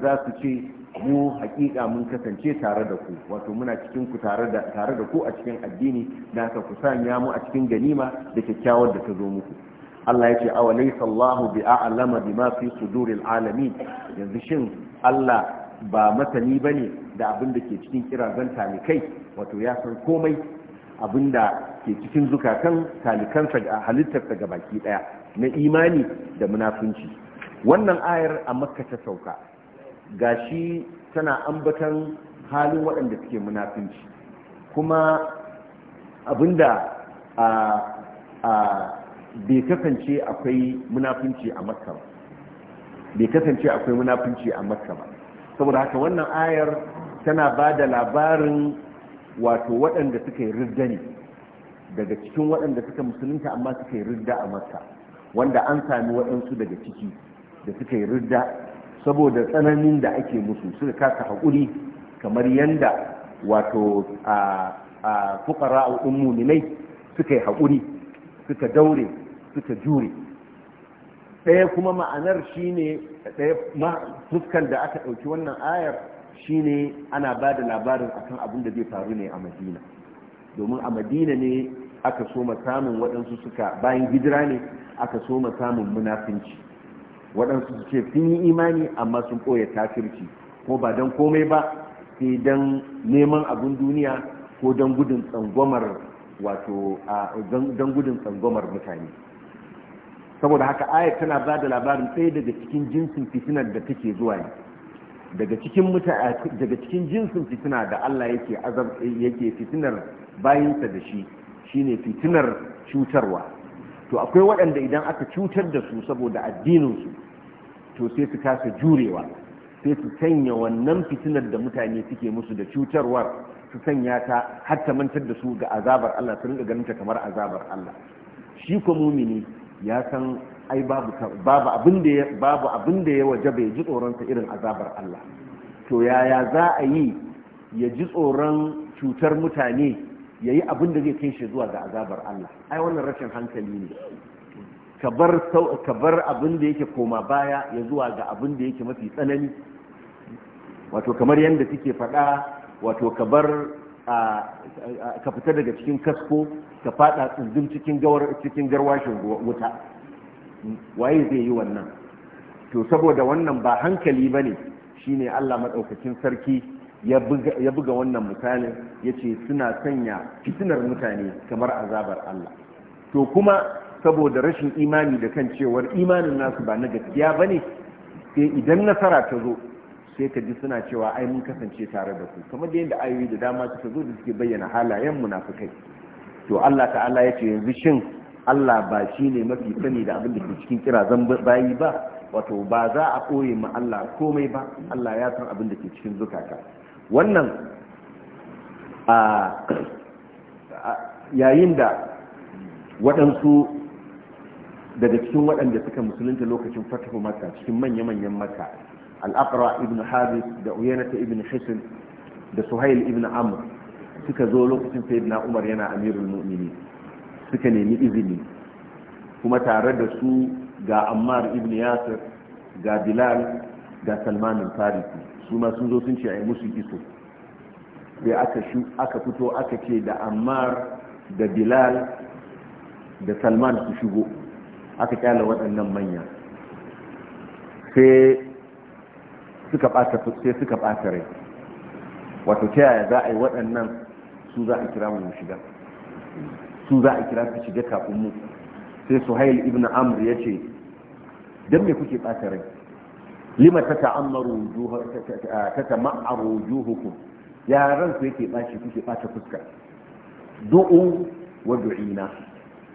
za su ce mu hakika mun kasance tare da ku wato muna cikin ku tare da ku a cikin addini da ka ku sanya mu a cikin ganima da kyakkyawar da ta zo muku Allah ya ce awa laysa Allahu bi a'lama bima fi suduril alamin yanzu shin Allah ba masani bane da abin da ke cikin kirazan talikai wato ya san komai abinda ke cikin zukatan talikansa a halittarsa ga baki daya na imani da munafunci wannan ayar a makka ta sauka gashi tana ambatan halin waɗanda suke munafunci kuma abinda a bai kasance akwai munafunci a makka ba bai kasance akwai munafunci a makka ba saboda haka wannan ayar tana ba da labarin wato waɗanda suka yi ridda ne daga cikin waɗanda suka musulunta amma suka yi ridda a makka wanda an sami waɗansu daga ciki da suka yi ridda saboda tsananin da ake musu suka kasa haƙuri kamar yanda wato a fukara a muminai suka yi haƙuri suka daure suka jure ɗaya kuma ma'anar shine ɗaya fuskan da aka ɗauki wannan ayar shine ana ba da labarin akan abin da zai faru ne a madina domin a madina ne aka so samun waɗansu suka bayan hijira ne aka so samun munafinci waɗansu su ce sun yi imani amma sun ɓoye tafirci ko ba don komai ba sai don neman abin duniya ko don gudun tsangwamar wato don gudun tsangwamar mutane saboda haka ayat tana ba da labarin ɗaya daga cikin jinsin fitinar da take zuwa ne daga cikin daga cikin jinsin fitina da Allah yake azab yake fitinar bayinsa da shi shine fitinar cutarwa to akwai waɗanda idan aka cutar da su saboda addinin su to sai su kasa jurewa sai su sanya wannan fitinar da mutane suke musu da cutarwar su sanya ta har ta mantar da su ga azabar Allah su rinka ganin ta kamar azabar Allah shi ko mumini ya san ai babu babu abin da ya waje bai ji tsoron sa irin azabar Allah to yaya za a yi ya ji tsoron cutar mutane ya yi abin da zai kai shi zuwa ga azabar Allah ai wannan rashin hankali ne ka bar abin da yake koma baya ya zuwa ga abin da yake mafi tsanani wato kamar yadda suke faɗa wato ka ka fita daga cikin kasko ka fada tsundun cikin garwashin wuta waye zai yi wannan to saboda wannan ba hankali ba ne shine allah maɗaukacin sarki ya buga wannan misalin ya ce suna sanya fitinar mutane kamar azabar allah to kuma saboda rashin imani da kan cewar imanin nasu ba na gaskiya ba ne sai idan nasara ta zo sai ka ji suna cewa ai mun kasance tare da ku kamar da yadda ayoyi da dama suka zo da suke bayyana halayen munafukai to Allah ta'ala ya ce yanzu shin Allah ba shi ne mafi sani da abin da ke cikin kirazan bayi ba wato ba za a ɓoye ma Allah komai ba Allah ya san abin da ke cikin zukata wannan a yayin da waɗansu daga cikin waɗanda suka musulunta lokacin fatahu maka cikin manya-manyan maka al'aqra ibn habis da uyanata ibn hisin da suhail ibn amr suka zo lokacin sayyidina umar yana amirul mu'minin suka nemi izini kuma tare da su ga ammar ibn yasir ga bilal ga salmanin farisi su ma sun zo sun ce a yi musu iso sai aka aka fito aka ce da ammar da bilal da salman su shigo aka kyala waɗannan manya sai suka ɓata rai wato ta yaya za a yi waɗannan su za a kira mu shiga su za a kira su shiga kafin mu sai suhail ibn amr ya ce don me kuke ɓata rai lima ta ta'ammaru ta ta'ammaru juhukum ya ran ku yake ɓaci kuke ɓata fuska du'u wa du'ina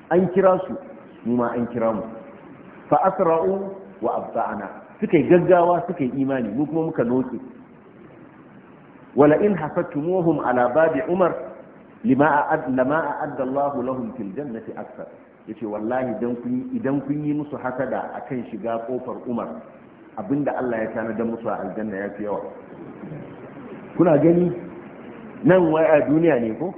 an kira su mu ma an kira mu fa asra'u wa abta'ana suka yi gaggawa suka yi imani mu kuma muka noke wala in hasattumuhum ala babi umar lima adda Allah lahum fil jannati akthar yace wallahi dan kun idan kun yi musu hasada akan shiga kofar Umar abinda Allah ya da musu a aljanna ya fi yawa kuna gani nan wai a duniya ne ko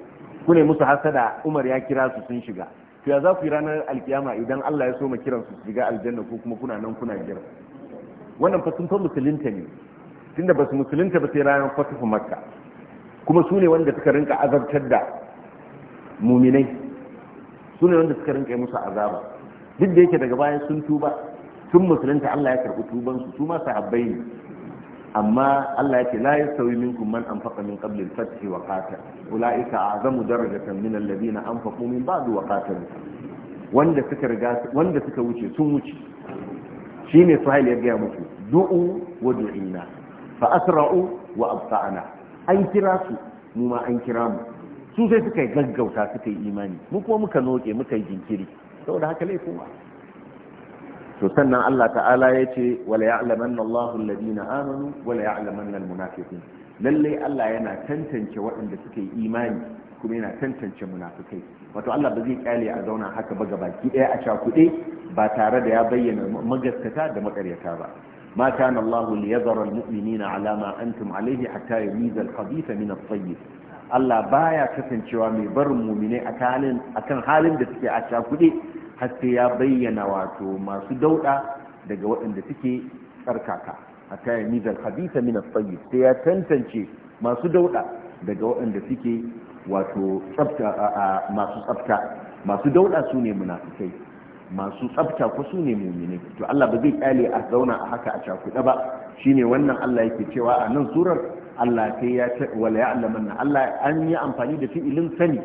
kuna musu hasada Umar ya kira su sun shiga to ya za ku yi ranar alkiyama idan Allah ya so mu kiran su shiga aljanna ko kuma kuna nan kuna jira wannan fa sun fa musulunta ne tunda ba su musulunta ba sai ranar fatuhu makka kuma su ne wanda suka rinka azabtar da muminai su ne wanda suka rinka yi musu azaba duk da yake daga baya sun tuba sun musulunta Allah ya karɓi tubansu su ma sahabbai ne amma Allah ya ce la yastawi minkum man anfaqa min qabli al-fath wa qatal ulaika a'zamu darajatan min alladhina anfaqu min ba'd wa qatalu wanda suka riga wanda suka wuce sun wuce shine sahil ya ga musu, du'u wa du'ina fa asra'u wa abta'na an kira su mu ma an kira mu su sai suka gaggauta suka yi imani mu kuma muka noke muka yi jinkiri saboda haka laifin ba to sannan Allah ta'ala ya ce wala ya'lamanna Allahu alladhina amanu wala ya'lamanna almunafiqin lalle Allah yana tantance waɗanda suka yi imani kuma yana tantance munafikai wato Allah ba zai kyale a zauna haka ba gabaki ɗaya a cakude ba tare da ya bayyana magaskata da makaryata ba Mata كان الله ليذر المؤمنين alama ما أنتم عليه حتى يميز الخبيث من الطيب Allah baya kasancewa mai barin mumine akan halin da suke a cakuɗe har sai ya bayyana wato masu dauɗa daga waɗanda suke tsarkaka hatta ya mizal habita min at ya tantance masu dauɗa daga waɗanda suke tsafta masu tsafta masu dauɗa sune ne masu tsafta ko su ne mummine to Allah ba zai kyale a zauna a haka a cakuɗa ba shine wannan Allah yake cewa a nan surar Allah sai ya wala ya'lamanna Allah an yi amfani da fi'ilin sani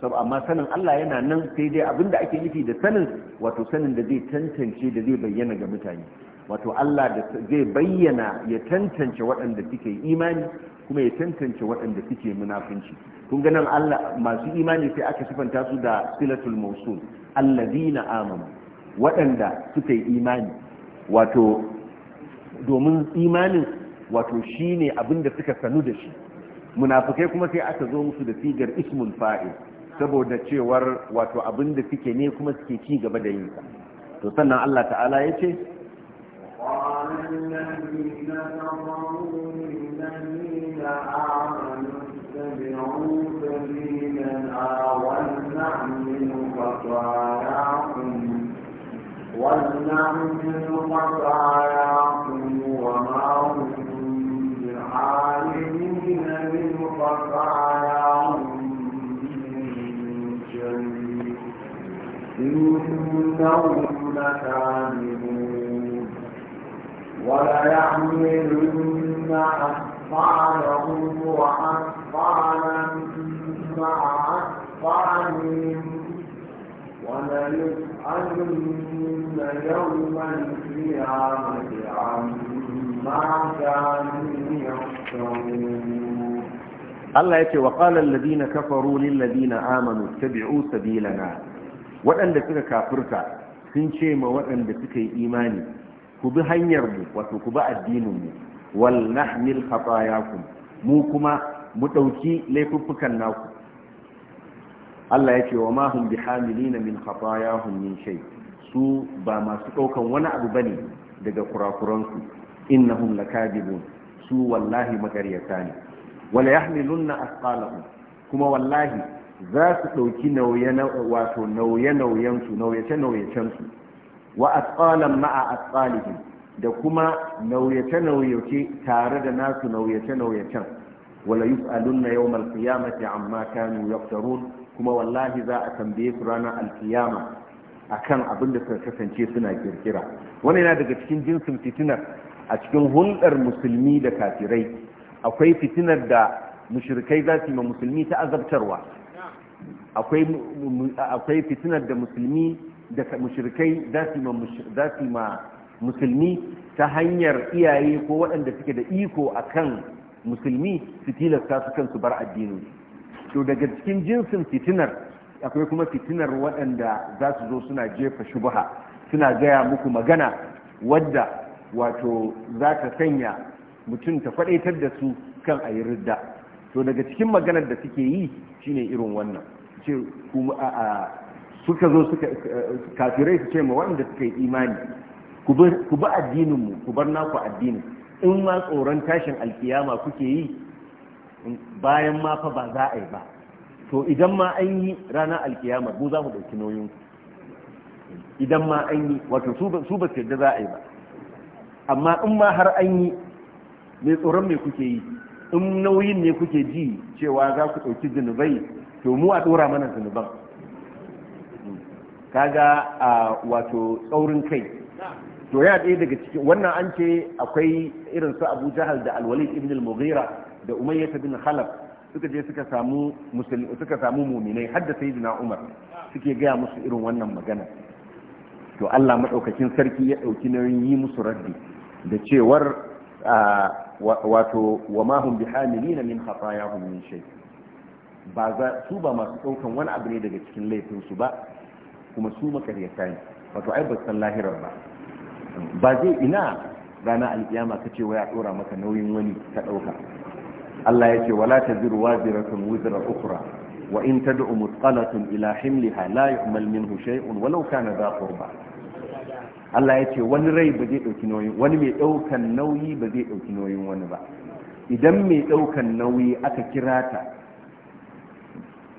sabu amma sanin Allah yana nan sai dai abinda ake nufi da sanin wato sanin da zai tantance da zai bayyana ga mutane wato Allah da zai bayyana ya tantance waɗanda suke imani kuma ya tantance waɗanda suke munafunci kun ganin Allah masu imani sai aka sifanta su da silatul mawsul allazina amanu waɗanda suka yi imani wato domin imanin wato shine abin da suka sanu da shi munafikai kuma sai aka zo musu da sigar ismul fa'il saboda cewar wato abin da suke ne kuma suke ci gaba da yin sa to sannan Allah ta'ala ya ce قال الذين كفروا للذين آمنوا اتبعوا سبيلنا ولنعمل خطاياكم ولنعمل خطاياكم وما هم بعالمين من خطاياهم من شيء إنهم لكاذبون وليحملن أحسن أطفالهم وأطفالا مع أطفالهم وليسألن يوم القيامة عما كانوا يفترون Allah ya ce wa ƙalar ladina kafaru lil ladina amanu tabi'u sabilana waɗanda suka kafirta sun ce ma waɗanda suka yi imani ku bi hanyar mu wato ku bi addinin mu wal khatayakum mu kuma mu ɗauki laifuffukan naku Allah ya ce wa ma hum bihamilina min khatayahum min shay su ba masu ɗaukan wani abu bane daga kurakuransu innahum lakadibun su wallahi makaryata ne wala yahmilunna asqalahum kuma wallahi za su ɗauki nauye wato nauye nauyen su nauyace nauyacen su wa asqalan ma'a asqalihim da kuma nauyace-nauyace tare da nasu nauyace-nauyacen wala yus'alunna yawmal qiyamati amma kanu yaftarun kuma wallahi za a tambaye su ranar alkiyama akan abin da suka kasance suna kirkira wannan yana daga cikin jinsin fitinar a cikin hulɗar musulmi da kafirai akwai fitinar da mushrikai za su ma musulmi ta azabtarwa akwai fitinar da musulmi da mushrikai za su yi ma musulmi ta hanyar iyaye ko waɗanda suke da iko a kan musulmi su tilasta su kansu bar addini to daga cikin jinsin fitinar akwai kuma fitinar waɗanda za su zo suna jefa shubha suna gaya muku magana wadda wato za ta sanya mutum ta faɗaitar da su kan a yi ridda to daga cikin maganar da suke yi shine irin wannan kuma suka zo suka kafirai su ce ma waɗanda suka yi imani ku bi addininmu ku bar naku addini in ma tsoron tashin alkiyama kuke yi bayan ma fa ba za a yi ba to idan ma an yi ranar alkiyama mu za mu ɗauki nauyin idan ma an yi wato su ba yadda za a yi ba amma in ma har an yi mai tsoron mai kuke yi in nauyin ne kuke ji cewa za ku ɗauki zunubai to mu a ɗora mana zunuban kaga a wato tsaurin kai to ya ɗaya daga cikin wannan an ce akwai irin su abu jahal da alwalid ibn al-mughira da umayyah bin khalaf suka je suka samu musulmi suka samu muminai har da sayyidina umar suke gaya musu irin wannan magana to Allah madaukakin sarki ya dauki nauyin yi musu raddi da cewar wato wa ma hum bihamilina min khatayahum min shay ba za su ba masu daukan wani abu ne daga cikin laifin su ba kuma su makariyata ne wato ai ba san lahirar ba ba zai ina ranar alkiyama ka ce wa ya dora maka nauyin wani ka dauka Allah ya ce wala taziru waziratun wizra ukhra wa in tad'u mutqalatun ila himliha la yu'mal minhu shay'un walau kana dha qurba Allah ya ce wani rai ba zai dauki nauyi wani mai daukan nauyi ba zai dauki nauyin wani ba idan mai daukan nauyi aka kira ta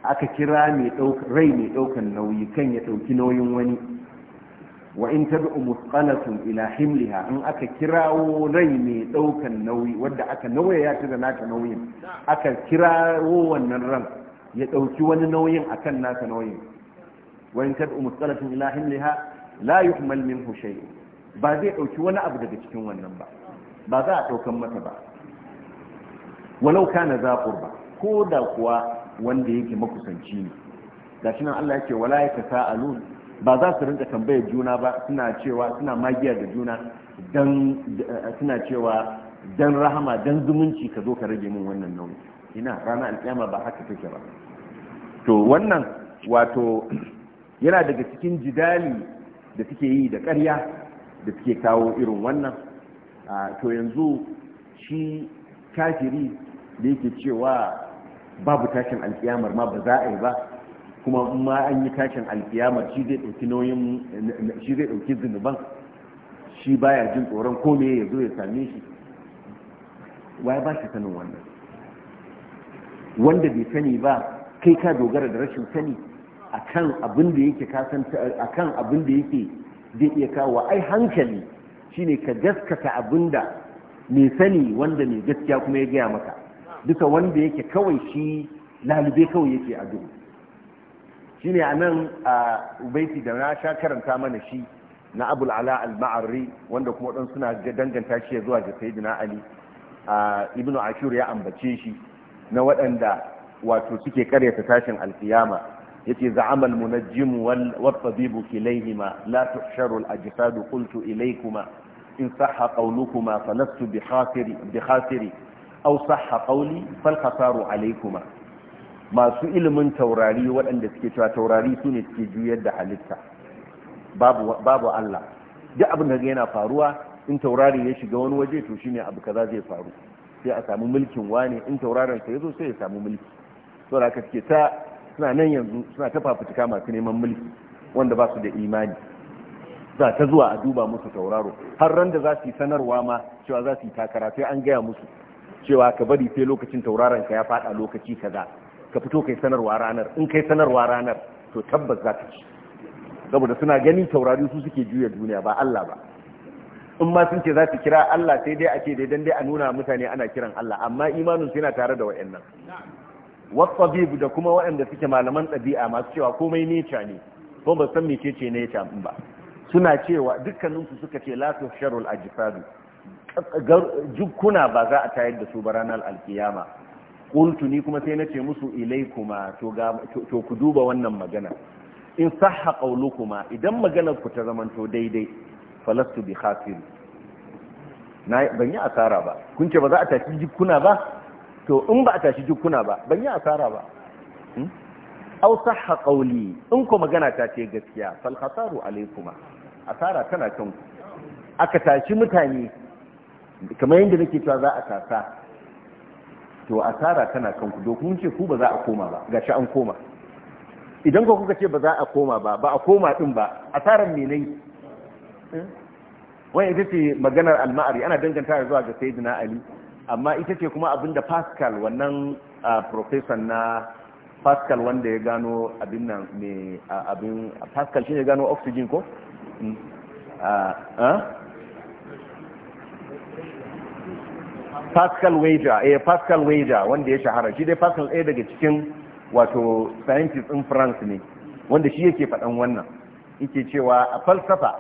aka kira rai mai daukan nauyi kan ya dauki nauyin wani wa in tad'u musqalatun ila himliha in aka kirawo rai mai daukan nauyi wanda aka nauya ya ta nata nauyin aka kirawo wannan ran ya dauki wani nauyin akan nasa nauyin wa in tad'u musqalatun ila himliha la yuhmal minhu shay ba zai dauki wani abu daga cikin wannan ba ba za a daukan mata ba walau kana za ba. ko da kuwa wanda yake makusanci ne gashi nan Allah yake wala yakasa'alun ba za su rinka tambayar juna ba suna cewa suna magiya da juna dan suna cewa dan rahama dan zumunci ka zo ka rage min wannan nauyi ina rana alƙiyama ba haka take ba to wannan wato yana daga cikin jidali da suke yi da ƙarya da suke kawo irin wannan to yanzu shi kafiri da yake cewa babu tashin alƙiyamar ma ba za a yi ba kuma ma an yi tashin alkiyama shi zai ɗauki nauyin shi zai ɗauki zunuban shi baya jin tsoron ko me ya zo ya same shi waye ba shi sanin wannan wanda bai sani ba kai ka dogara da rashin sani akan abin da yake kasan akan abin da yake zai iya kawo ai hankali shine ka gaskata abin da mai sani wanda mai gaskiya kuma ya gaya maka duka wanda yake kawai shi lalube kawai yake a duniya shine a nan a ubaiti da na sha karanta mana shi na abul ala al-ma'arri wanda kuma ɗan suna danganta shi zuwa ga sayyidina ali ibnu ashur ya ambace shi na waɗanda wato suke karyata tashin alkiyama yace za'amal munajjim wal watabibu kilayhima la tuhsharu al-ajsadu qultu ilaykuma in sahha qawlukuma falastu bi khasiri bi khasiri aw sahha qawli fal khasaru alaykuma masu ilimin taurari waɗanda suke cewa taurari su ne suke juyar da halitta babu Allah duk abin da yana faruwa in taurari ya shiga wani waje to shine abu kaza zai faru sai a samu mulkin wane in taurarin ka yazo sai ya samu mulki to da kake ta suna nan yanzu suna ta fafutuka masu neman mulki wanda ba su da imani za ta zuwa a duba musu tauraro har ran da za su yi sanarwa ma cewa za su yi takara sai an gaya musu cewa ka bari sai lokacin tauraron ka ya faɗa lokaci kaza ka fito kai sanarwa ranar in kai sanarwa ranar to tabbas za ta ci saboda suna gani taurari su suke juya duniya ba Allah ba in ma sun ce za su kira Allah sai dai a ce dai dan dai a nuna mutane ana kiran Allah amma imanin su yana tare da wayannan wasabib da kuma waɗanda suke malaman ɗabi'a masu cewa komai neca ne ko ba san me ce neca cha ba suna cewa dukkaninsu suka ce la a ajsadu jukkuna ba za a tayar da su ba ranar alkiyama qultu ni kuma sai nace musu ilaikuma to ga to ku duba wannan magana in sahha qawlukuma idan maganar ku ta zamanto daidai falastu bi khafir na ban yi asara ba kun ce ba za a tashi jikuna ba to in ba a tashi jikuna ba ban yi asara ba hmm? aw sahha qawli in ku magana ta ce gaskiya fal khasaru alaykuma asara tana kan aka tashi mutane kamar yadda nake cewa za a tasa to asara tana kan ku dokun ce ku ba za a koma ba gashi an koma idan ko kuka ce ba za a koma ba ba a koma din ba asaran me nayi eh? wani ita ce maganar alma'ari ana dangantawa zuwa ga sayyidina ali amma ita ce kuma abinda pascal wannan professor na pascal wanda ya gano abin nan me abin pascal shine ya gano oxygen ko? Hmm. pascal wager eh pascal wager wanda ya shahara shi dai pascal ɗaya daga cikin wato scientist in france ne wanda shi yake faɗan wannan yake cewa a falsafa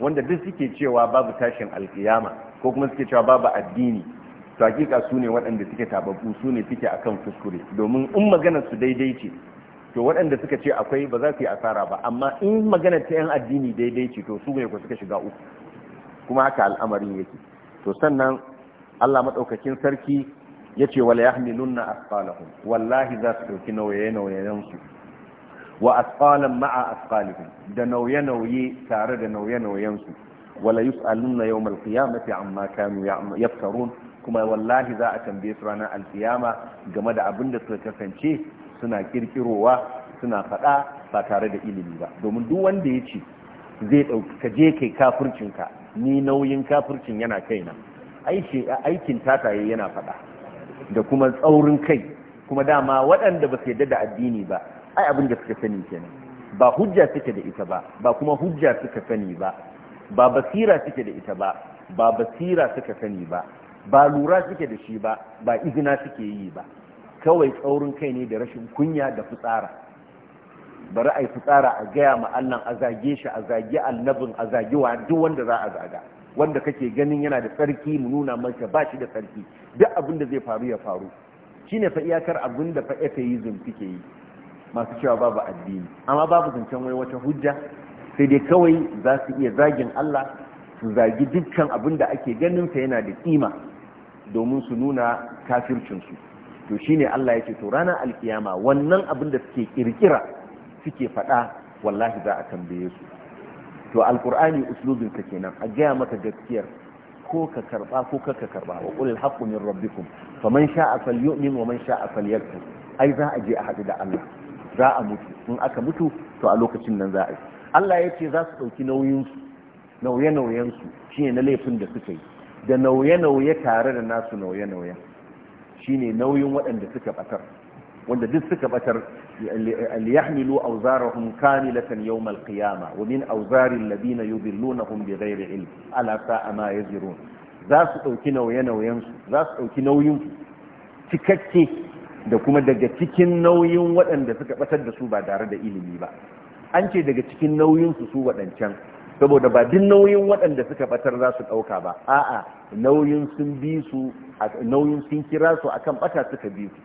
wanda duk suke cewa babu tashin alkiyama ko kuma suke cewa babu addini to hakika su ne waɗanda suke tababbu su ne suke akan kuskure domin in maganarsu su daidai ce to waɗanda suka ce akwai ba za su yi asara ba amma in maganar ta yan addini daidai ce to su ne ku suka shiga uku kuma haka al'amarin yake to sannan Allah maɗaukakin sarki yace wala yahmilunna asqalahum wallahi za su ɗauki nauye nauyensu su wa asqalan ma'a asqalihim da nauye-nauye tare da nauye-nauyen su wala yus'alunna yawmal qiyamati amma kanu yaftarun kuma wallahi za a tambaye su ranar alkiyama game da abin da suka kasance suna kirkirowa suna faɗa ba tare da ilimi ba domin duk wanda ya ce zai ɗauki ka je kai ka ni nauyin kafircin yana kaina aikin tataye yana faɗa da kuma tsaurin kai kuma dama waɗanda ba su yadda da addini ba ai abin da suka sani kenan ba hujja suke da ita ba ba kuma hujja suka sani ba ba basira suke da ita ba ba basira suka sani ba ba lura suke da shi ba ba izina suke yi ba kawai tsaurin kai ne da rashin kunya da fitsara bari a yi fitsara a gaya ma Allah a zage shi a zage annabin a zage wa duk wanda za a zaga wanda kake ganin yana da tsarki mu nuna maka ba shi da tsarki duk abin da zai faru ya faru shine fa iyakar abin da fa atheism suke yi masu cewa babu addini amma babu zancen wai wata hujja sai dai kawai za su iya zagin Allah su zagi dukkan abin da ake ganin sa yana da kima domin su nuna kafircin su to shine Allah ya ce to ranar alkiyama wannan abin da suke kirkira suke faɗa wallahi za a tambaye su to alkur'ani uslubin ka kenan a gaya maka gaskiyar ko ka karba ko ka ka karba wa qul alhaqqu min rabbikum faman sha'a falyu'min wa man sha'a falyakfur ai za a je a hadu da Allah za a mutu in aka mutu to a lokacin nan za a yi Allah ya ce za su ɗauki nauyinsu nauye-nauyensu shi na laifin da suka yi da nauye-nauye tare da nasu nauye-nauye shine nauyin waɗanda suka batar wanda duk suka batar. ليحملوا أوزارهم كاملة يوم القيامة ومن أوزار الذين يضلونهم بغير علم ألا ساء ما يزرون ذاس أوكينا وينا وينسو ذاس أوكينا وينسو تككي da kuma daga cikin nauyin waɗanda suka ɓatar da su ba tare da ilimi ba an ce daga cikin nauyin su su waɗancan saboda ba duk nauyin waɗanda suka ɓatar za su ɗauka ba a'a nauyin sun bi su nauyin sun kira su akan ɓata suka bi su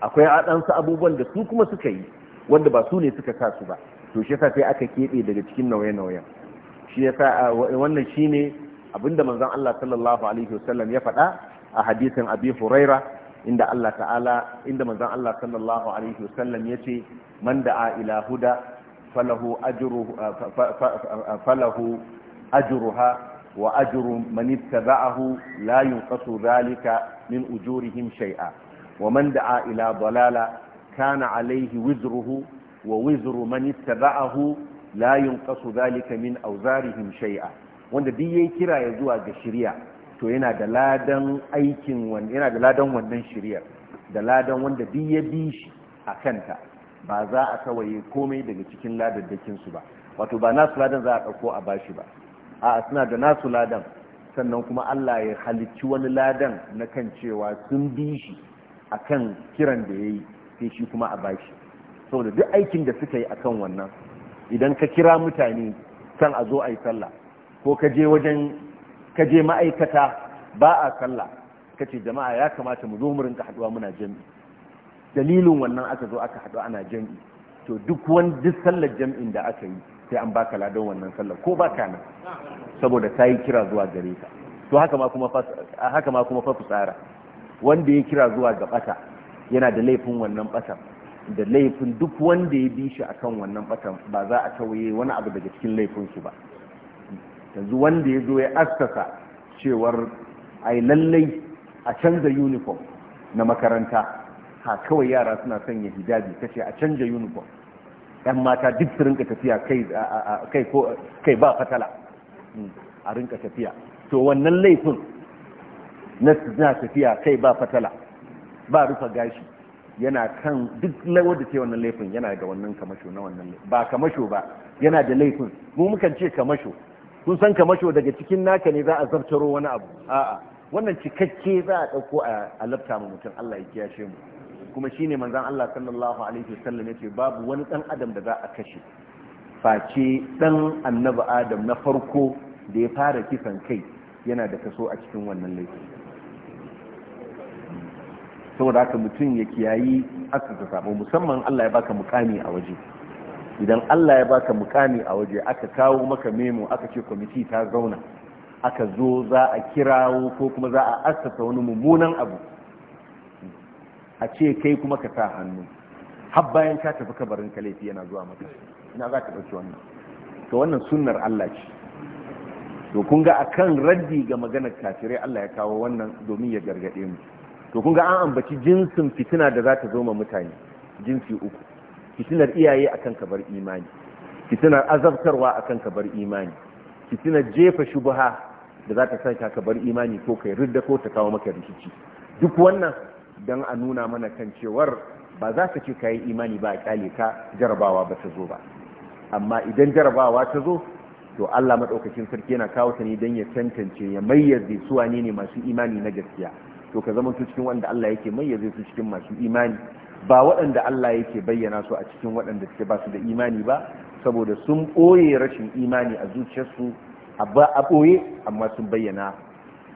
akwai aɗansu abubuwan da su kuma suka yi wanda ba su ne suka sa su ba to shi sai aka keɓe daga cikin nauye-nauyen shi yasa wannan shine abinda manzon Allah sallallahu alaihi wasallam ya faɗa a hadisin Abi Huraira inda Allah ta'ala inda manzon Allah sallallahu alaihi wasallam ce man da'a ila huda falahu ajru falahu ajruha wa ajru man ittaba'ahu la yunqasu dhalika min ujurihim shay'a ومن دعا إلى ضلالة كان عليه وزره ووزر من اتبعه لا ينقص ذلك من أوزارهم شيئا wanda duk yayi kira ya zuwa ga shari'a to yana da ladan aikin wannan yana da ladan wannan shari'ar da ladan wanda duk ya bi shi a kanta ba za a tawaye komai daga cikin ladaddakin su ba wato ba nasu ladan za a dauko a bashi ba a suna da nasu ladan sannan kuma Allah ya halicci wani ladan na kan cewa sun bi shi a kan kiran da ya yi sai shi kuma a bashi saboda duk aikin da suka yi a kan wannan idan ka kira mutane kan a zo a yi sallah ko ka je wajen ka je ma'aikata ba a sallah ka ce jama'a ya kamata mu zo mu rinka muna jami'i dalilin wannan aka zo aka haɗu ana jami'i to duk wani duk sallar jami'in da aka yi sai an baka ladan wannan sallar ko baka nan saboda ta yi kira zuwa gare ka to haka ma kuma fa tsara wanda ya kira zuwa ga bata yana da laifin wannan batan da laifin duk wanda ya bi shi kan wannan batan ba za a tawaye wani abu daga cikin laifinsu ba yanzu wanda ya zo ya askasa cewar ai lallai a canza uniform na makaranta ha kawai yara suna sanya hijabi kace a canza uniform yan mata duk su rinka tafiya kai ba fatala hmm, a rinka tafiya to wannan laifin na tafiya kai ba fatala ba rufa gashi yana kan duk lawar da ke wannan laifin yana da wannan kamasho na wannan ba kamasho ba yana da laifin mu mukan ce kamasho kun san kamasho daga cikin naka ne za a zartaro wani abu a'a wannan cikakke za a ɗauko a lafta mu mutum Allah ya kiyashe mu kuma shine manzan Allah sallallahu alaihi wasallam yace babu wani dan adam da za a kashe face dan annabi Adam na farko da ya fara kisan kai yana da kaso a cikin wannan laifin saboda haka mutum ya kiyayi aka sabo musamman Allah ya baka mukami a waje idan Allah ya baka mukami a waje aka kawo maka memo aka ce kwamiti ta zauna aka zo za a kirawo ko kuma za a assasa wani mummunan abu a ce kai kuma ka sa hannu har bayan ka tafi kabarin ka laifi yana zuwa maka ina za ka ɗauki wannan to wannan sunnar Allah ce to kun ga akan raddi ga maganar kafirai Allah ya kawo wannan domin ya gargaɗe mu to kun ga an ambaci jinsin fitina da za ta zo ma mutane jinsi uku fitinar iyaye akan kabar imani fitinar azabtarwa akan kabar imani fitinar jefa shubaha da za ta ka kabar imani ko kai ridda ko ta kawo maka rikici duk wannan dan a nuna mana kan cewar ba za ka ce ka yi imani ba a kyale ka jarabawa ba ta zo ba amma idan jarabawa ta zo to Allah maɗaukacin sarki yana kawo ta ne don ya tantance ya mayyaze su wane ne masu imani na gaskiya to ka zama cikin wanda Allah yake mayyaze su cikin masu imani ba waɗanda Allah yake bayyana su a cikin waɗanda suke ba su da imani ba saboda sun ɓoye rashin imani a zuciyarsu a ɓoye amma sun bayyana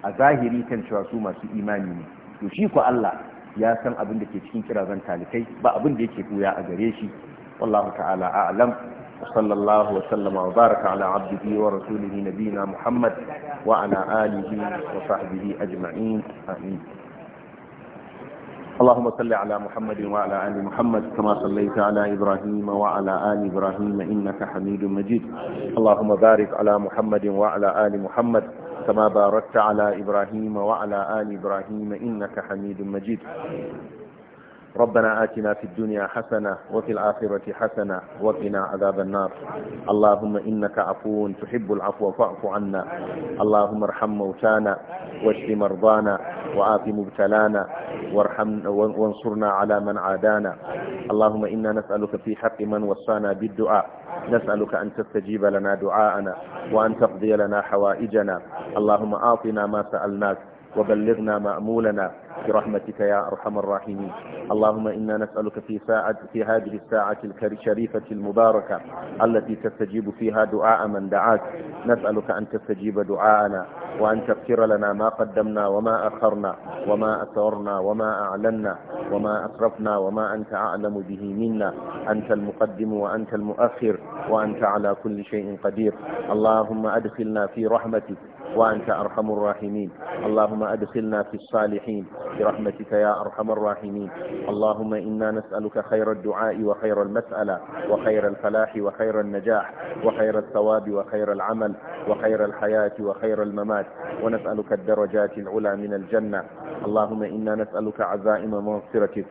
a zahiri kan cewa su masu imani ne to shi ko Allah ya san abin da ke cikin kirazan talikai ba abin da yake buya a gare shi wallahu ta'ala a'lam وصلى الله وسلم وبارك على عبده ورسوله نبينا محمد وعلى آله وصحبه أجمعين آمين اللهم صل على محمد وعلى آل محمد كما صليت على إبراهيم وعلى آل إبراهيم إنك حميد مجيد اللهم بارك على محمد وعلى آل محمد كما باركت على إبراهيم وعلى آل إبراهيم إنك حميد مجيد ربنا آتنا في الدنيا حسنة وفي الآخرة حسنة وقنا عذاب النار اللهم إنك عفو تحب العفو فاعف عنا اللهم ارحم موتانا واشف مرضانا وآف مبتلانا وارحم وانصرنا على من عادانا اللهم إنا نسألك في حق من وصانا بالدعاء نسألك أن تستجيب لنا دعاءنا وأن تقضي لنا حوائجنا اللهم آطنا ما سألناك وبلغنا مأمولنا برحمتك يا أرحم الراحمين اللهم إنا نسألك في, ساعة في هذه الساعة الشريفة المباركة التي تستجيب فيها دعاء من دعاك نسألك أن تستجيب دعاءنا وأن تغفر لنا ما قدمنا وما أخرنا وما أسررنا وما أعلنا وما أسرفنا وما أنت أعلم به منا أنت المقدم وأنت المؤخر وأنت على كل شيء قدير اللهم أدخلنا في رحمتك وأنت أرحم الراحمين اللهم أدخلنا في الصالحين برحمتك يا أرحم الراحمين اللهم إنا نسألك خير الدعاء وخير المسألة وخير الفلاح وخير النجاح وخير الثواب وخير العمل وخير الحياة وخير الممات ونسألك الدرجات العلى من الجنة اللهم إنا نسألك عزائم مغفرتك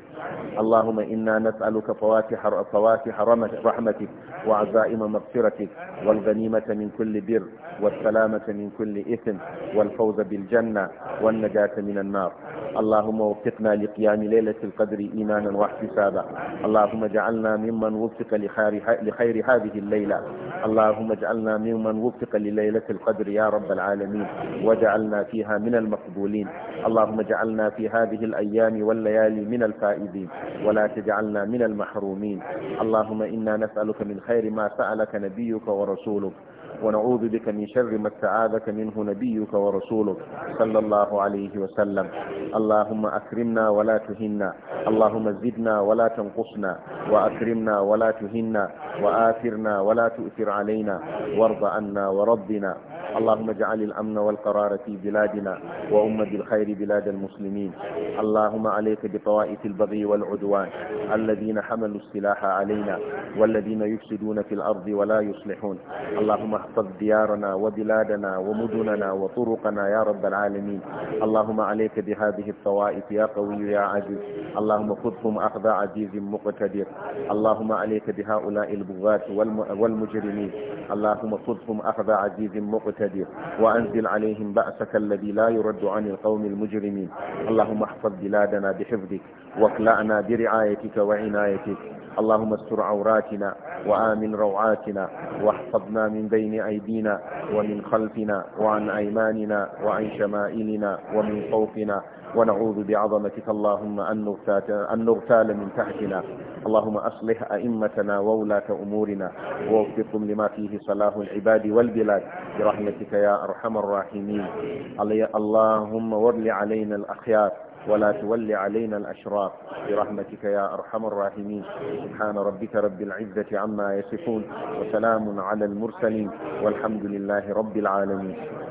اللهم إنا نسألك فواتح فواتح رحمتك وعزائم مغفرتك والغنيمة من كل بر والسلامة من كل إثم والفوز بالجنة والنجاة من النار اللهم وفقنا لقيام ليلة القدر إيمانا واحتسابا اللهم اجعلنا ممن وفق لخير هذه الليلة اللهم اجعلنا ممن وفق لليلة القدر يا رب العالمين واجعلنا فيها من المقبولين اللهم اجعلنا في هذه الأيام والليالي من الفائزين ولا تجعلنا من المحرومين اللهم إنا نسألك من خير ما سألك نبيك ورسولك ونعوذ بك من شر ما استعاذك منه نبيك ورسولك صلى الله عليه وسلم اللهم أكرمنا ولا تهنا اللهم زدنا ولا تنقصنا وأكرمنا ولا تهنا وآثرنا ولا تؤثر علينا وارض عنا وربنا اللهم اجعل الأمن والقرار في بلادنا وأمة الخير بلاد المسلمين اللهم عليك بطوائف البغي والعدوان الذين حملوا السلاح علينا والذين يفسدون في الأرض ولا يصلحون اللهم واحفظ ديارنا وبلادنا ومدننا وطرقنا يا رب العالمين اللهم عليك بهذه الطوائف يا قوي يا عزيز اللهم خذهم أخذ عزيز مقتدر اللهم عليك بهؤلاء البغاة والمجرمين اللهم خذهم أخذ عزيز مقتدر وأنزل عليهم بأسك الذي لا يرد عن القوم المجرمين اللهم احفظ بلادنا بحفظك واخلعنا برعايتك وعنايتك اللهم استر عوراتنا وآمن روعاتنا واحفظنا من بين أيدينا ومن خلفنا وعن أيماننا وعن شمائلنا ومن فوقنا ونعوذ بعظمتك اللهم أن نغتال من تحتنا اللهم أصلح أئمتنا وولاة أمورنا ووفقهم لما فيه صلاح العباد والبلاد برحمتك يا أرحم الراحمين اللهم ورل علينا الأخيار ولا تول علينا الأشرار برحمتك يا أرحم الراحمين سبحان ربك رب العزة عما يصفون وسلام على المرسلين والحمد لله رب العالمين